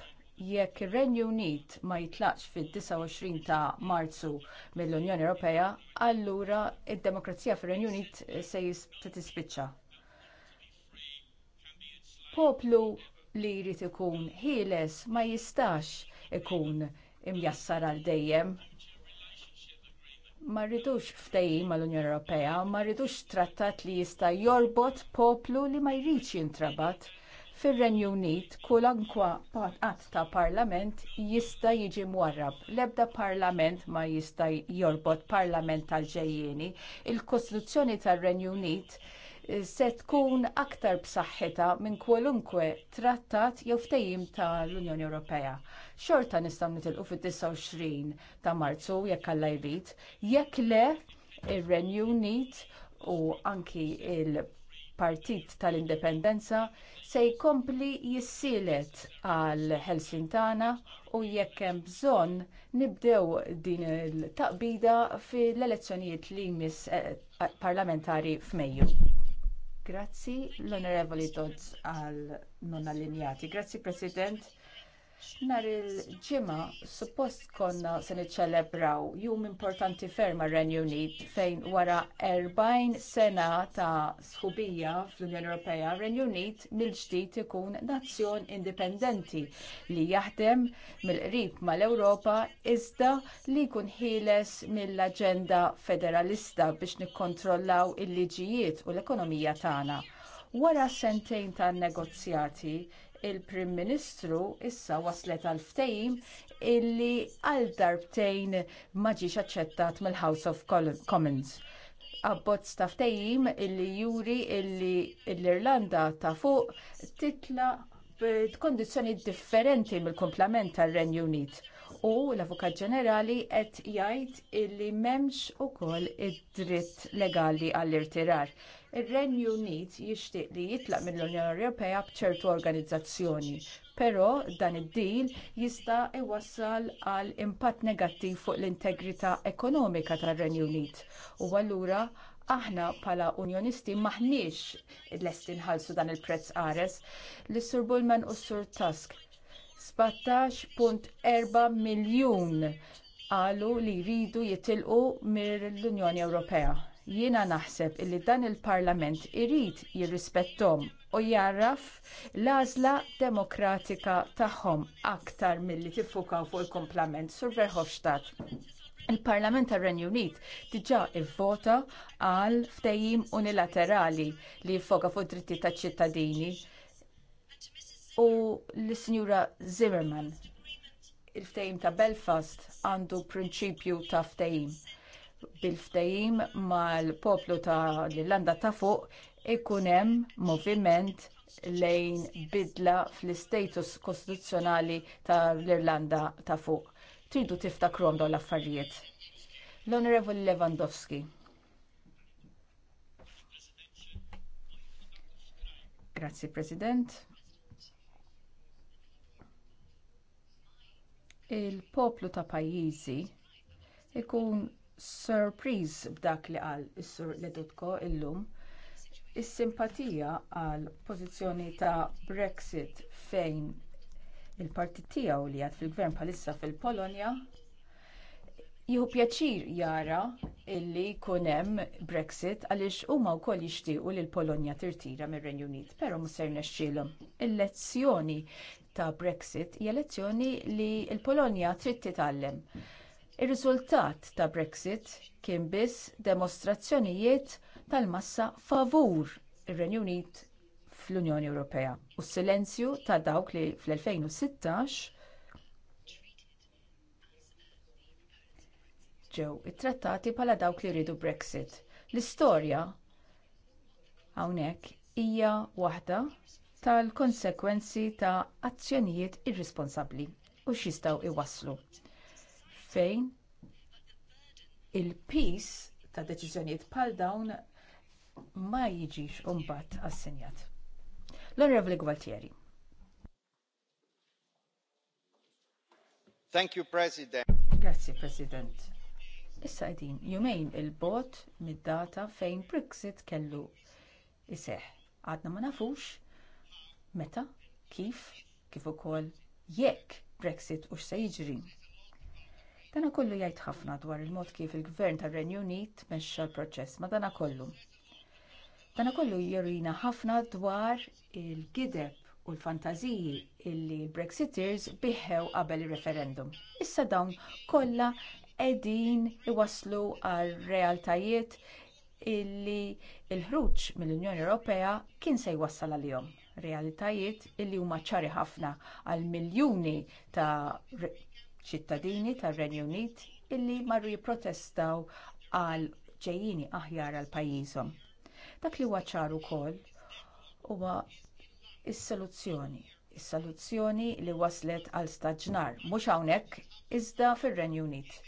jekk ir-Renju Unit ma jitlaqx fid-29 ta' Marzu mill-Unjoni Ewropea, allura d demokrazija fir-Renju Unit se tispiċċa. Poplu li jrid ikun ħieles ma jistax ikun imjassar għal dejjem. Ma rridux ftehim mal-Unjoni Ewropea, ma rridux trattat li jista' jorbot poplu li ma jridx jintrabat. Fir-Renju Unit, kulankwa qatt ta' parlament jista' jiġi mwarrab. L-ebda parlament ma jista' jorbot parlament tal-ġejjieni. Il-Kostituzzjoni tar-Renju Unit se tkun aktar b'saħħitha minn kwalunkwe trattat jew ftehim tal-Unjoni Ewropea. Xorta nistgħu nitilqu fit-29 ta' Marzu jekk Alla jrid, jekk le ir-Renju Unit u anki il-Partit tal-Indipendenza se jkompli jissielet għal Helsintana u jekk hemm bżonn nibdew din il-taqbida fil-elezzjonijiet li jmiss eh, parlamentari f'Mejju. Grazzi l-Onorevoli Dodds għal non allinjati. Grazzi President. Nar il ġimgħa suppost konna se niċċelebraw jum importanti ferm għar-Renju Unit fejn wara 40 sena ta' sħubija fl-Unjoni Ewropea, Renju Unit mill-ġdid ikun nazzjon indipendenti li jaħdem mill-qrib mal-Ewropa iżda li jkun ħieles mill-aġenda federalista biex nikkontrollaw il-liġijiet u l-ekonomija tagħna. Wara sentejn ta' negozjati, il-Prim Ministru issa waslet għal ftehim illi għal darbtejn ma ġiex aċċettat mill-House of Commons abbozz ta' ftehim illi juri illi l-Irlanda ta' fuq titla b'kondizzjoni differenti mill kumplament tar-Renju Unit u l-Avukat Ġenerali qed jgħid illi m'hemmx ukoll id-dritt legali għall-irtirar. Ir-Renju Unit jixtieq li jitlaq mill-Unjoni Ewropea b'ċertu organizzazzjoni, però dan id-dil jista' iwassal għal impatt negattiv fuq l-integrità ekonomika tar-Renju Unit. U allura aħna bħala unjonisti maħniex lesti nħallsu dan il-prezz qares. li sur Bullman u s-Sur Tusk 17.4 miljun qalu li jridu jitilqu mill-Unjoni Ewropea. Jiena naħseb li dan il-Parlament irid jirrispettom u jarraf l-għażla demokratika tagħhom aktar milli tiffukaw fuq il-komplament sur Verhofstadt. Il-Parlament tar renju Unit diġà ivvota għal ftehim unilaterali li jiffoka fuq id dritti taċ ċittadini u l-Sinjura Zimmerman. il ftajim ta' Belfast għandu prinċipju ta' ftajim. bil ma' mal-poplu ta' l-Irlanda ta' fuq ikun hemm moviment lejn bidla fl-istatus kostituzzjonali tal irlanda ta' fuq. Tridu tiftakrom dawn l-affarijiet. L-Onorevoli Lewandowski. Grazie President. il-poplu ta' pajjiżi ikun surpriż b'dak li qal is-sur Ledutko illum. Is-simpatija għal pożizzjoni ta' Brexit fejn il-partit tiegħu li għad fil-gvern bħalissa fil-Polonja Jihu pjaċir jara illi jkun hemm Brexit għaliex huma wkoll jixtiequ li l-Polonja tirtira mir-Renju Unit, però mhux ser Il-lezzjoni ta' Brexit hija lezzjoni li l-Polonja trid titgħallem. Ir-riżultat ta' Brexit kien biss demostrazzjonijiet tal-massa favur ir-Renju Unit fl-Unjoni Ewropea u s-silenzju ta' dawk li fl-2016 ġew ittrattati bħala dawk li jridu Brexit. L-istorja hawnhekk hija waħda tal-konsekwenzi ta' azzjonijiet irresponsabbli u x'jistgħu iwasslu. Fejn il-pis ta' deċiżjonijiet bħal dawn ma jiġix umbat assenjat. L-Onorevoli Gualtieri. Thank you, President. Grazie, President. Issa qegħdin jumejn il-bot mid-data fejn Brexit kellu iseħħ. Għadna ma nafux meta, kif, kif ukoll jekk Brexit u se jiġri. Dana kollu jgħid ħafna dwar il-mod kif il-Gvern tar-Renju Unit mexxa l-proċess ma dana kollu. Dana kollu jirina ħafna dwar il-gideb u l li illi Brexiteers biħew qabel ir referendum Issa dawn kollha qegħdin iwasslu għal realtajiet illi il-ħruġ mill-Unjoni Ewropea kien se jwassal għalihom. Realtajiet illi huma ċari ħafna għal miljuni ta' ċittadini tar renju Unit illi marru jipprotestaw għal ġejjini aħjar għal pajjiżhom. Dak li huwa ċar ukoll huwa is-soluzzjoni. Is-soluzzjoni li waslet għal staġnar mhux hawnhekk iżda fir-Renju Unit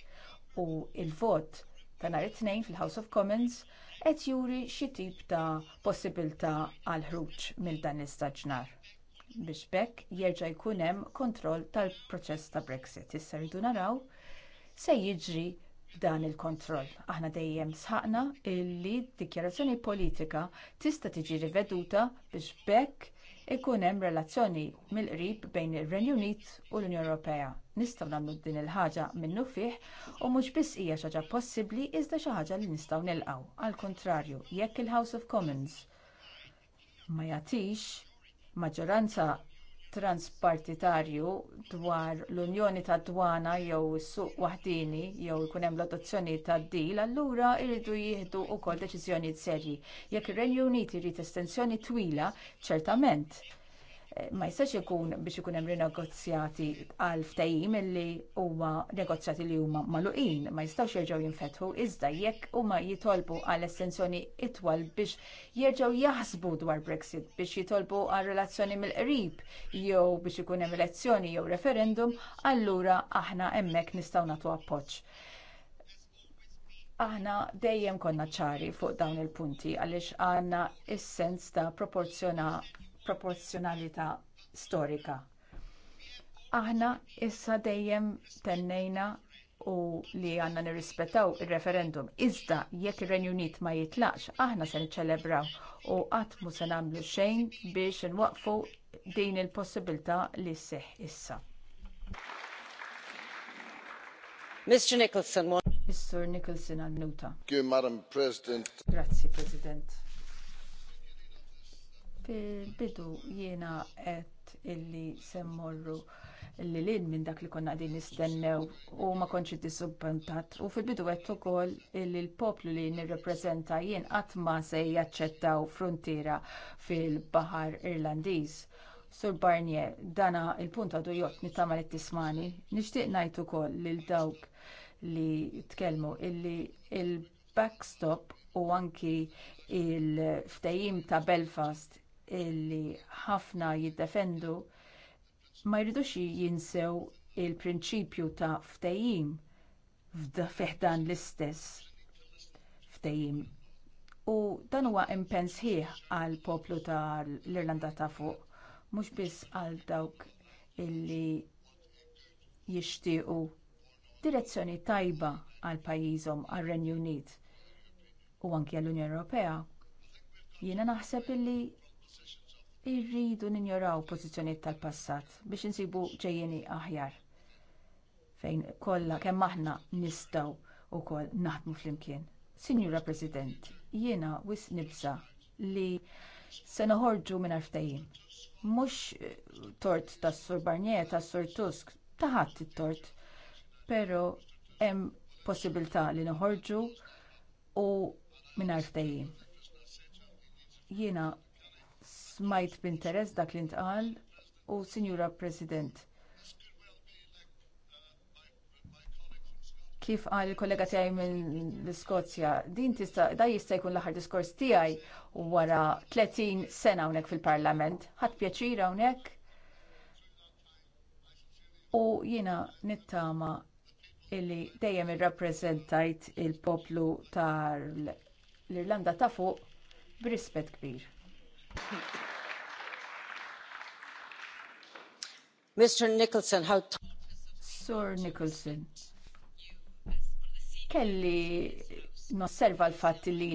u l vot ta' nhar it-tnejn fil-House of Commons qed juri xi tip ta' possibilità għal ħruġ mill dan l-istaġnar biex bekk jerġa' jkun hemm kontroll tal-proċess ta' Brexit. Issa rridu naraw se jiġri dan il-kontroll. Aħna dejjem sħaqna illi d dikjarazzjoni politika tista' tiġi riveduta biex bekk ikun hemm relazzjoni mill-qrib bejn ir-Renju Unit u l-Unjoni Ewropea. Nistgħu nagħmlu din il-ħaġa minnu fih u mhux biss hija xi ħaġa possibbli iżda xi ħaġa li nistgħu nilqgħu. Al kontrarju, jekk il-House of Commons ma jagħtix maġġoranza transpartitarju dwar l-Unjoni tad Dwana jew is-suq waħdini jew ikun hemm l-adozzjoni tad dil, allura jridu jieħdu wkoll deċiżjonijiet serji. Jekk ir-Renju Unit irid estensjoni twila, ċertament ma jistax ikun biex ikun hemm rinegozjati għal ftehim illi huwa negozjati li huma magħluqin, ma jistax jerġgħu jinfetħu iżda jekk huma jitolbu għal estensjoni itwal biex jerġgħu jaħsbu dwar Brexit biex jitolbu għal relazzjoni mill-qrib jew biex ikun hemm elezzjoni jew referendum, allura aħna hemmhekk nistgħu nagħtu appoġġ aħna dejjem konna ċari fuq dawn il-punti għaliex għandna is-sens ta' proporzjonalità proporzjonalità storika. Aħna issa dejjem tennejna u li għandna nirrispettaw ir referendum Iżda jekk ir renju Unit ma jitlaqx, aħna se niċċelebraw u qatt mu se nagħmlu xejn biex nwaqfu din il-possibilità li sseħħ issa. Mr. Nicholson, Mr. Nicholson għal minuta. Madam President. Grazie, President. Fil-bidu jiena għedt illi semmorru li l-in minn dak li konna għadin nistennew u ma konċi disubbantat. U fil-bidu u ukoll illi l-poplu li nirrepreżenta jien qatt ma se jaċċettaw frontiera fil-Baħar Irlandiż. Sur Barnier, dana il-punt għadu jott nittama li tismani, nishtiq najtu kol lil dawk li tkelmu illi il-backstop u anki il-ftajim ta' Belfast illi ħafna jiddefendu ma jridux jinsew il-prinċipju ta' ftehim f'dan l-istess ftehim. U dan huwa impens ħieħ għall poplu tal-Irlanda ta' fuq, mhux biss għal dawk illi jixtiequ direzzjoni tajba għal pajjiżhom għal renju Unit u anki għall unjoni Ewropea. Jiena naħseb illi irridu ninjoraw pożizzjonijiet tal-passat biex insibu ġejjeni aħjar fejn kollha kemm aħna nistgħu wkoll naħdmu flimkien. Sinjura President, jiena wis nibsa li se noħorġu minn arftajin. Mhux eh, tort tas-Sur Barnier, tas-Sur Tusk, ta' ħadd tort pero hemm possibilità li noħorġu u minn arftajin. Jiena smajt b'interess dak li ntqal u Sinjura President. Kif qal il-kollega tiegħi minn l-Iskozja, din tista' da jista' jkun l-aħħar diskors tiegħi wara 30 sena hawnhekk fil-Parlament. Ħadd pjaċir hawnhekk u jiena nittama illi dejjem irrappreżentajt il-poplu tal-Irlanda ta' fuq b'rispett kbir. Mr. Nicholson, how Sir Nicholson, kelli nosserva l-fatt li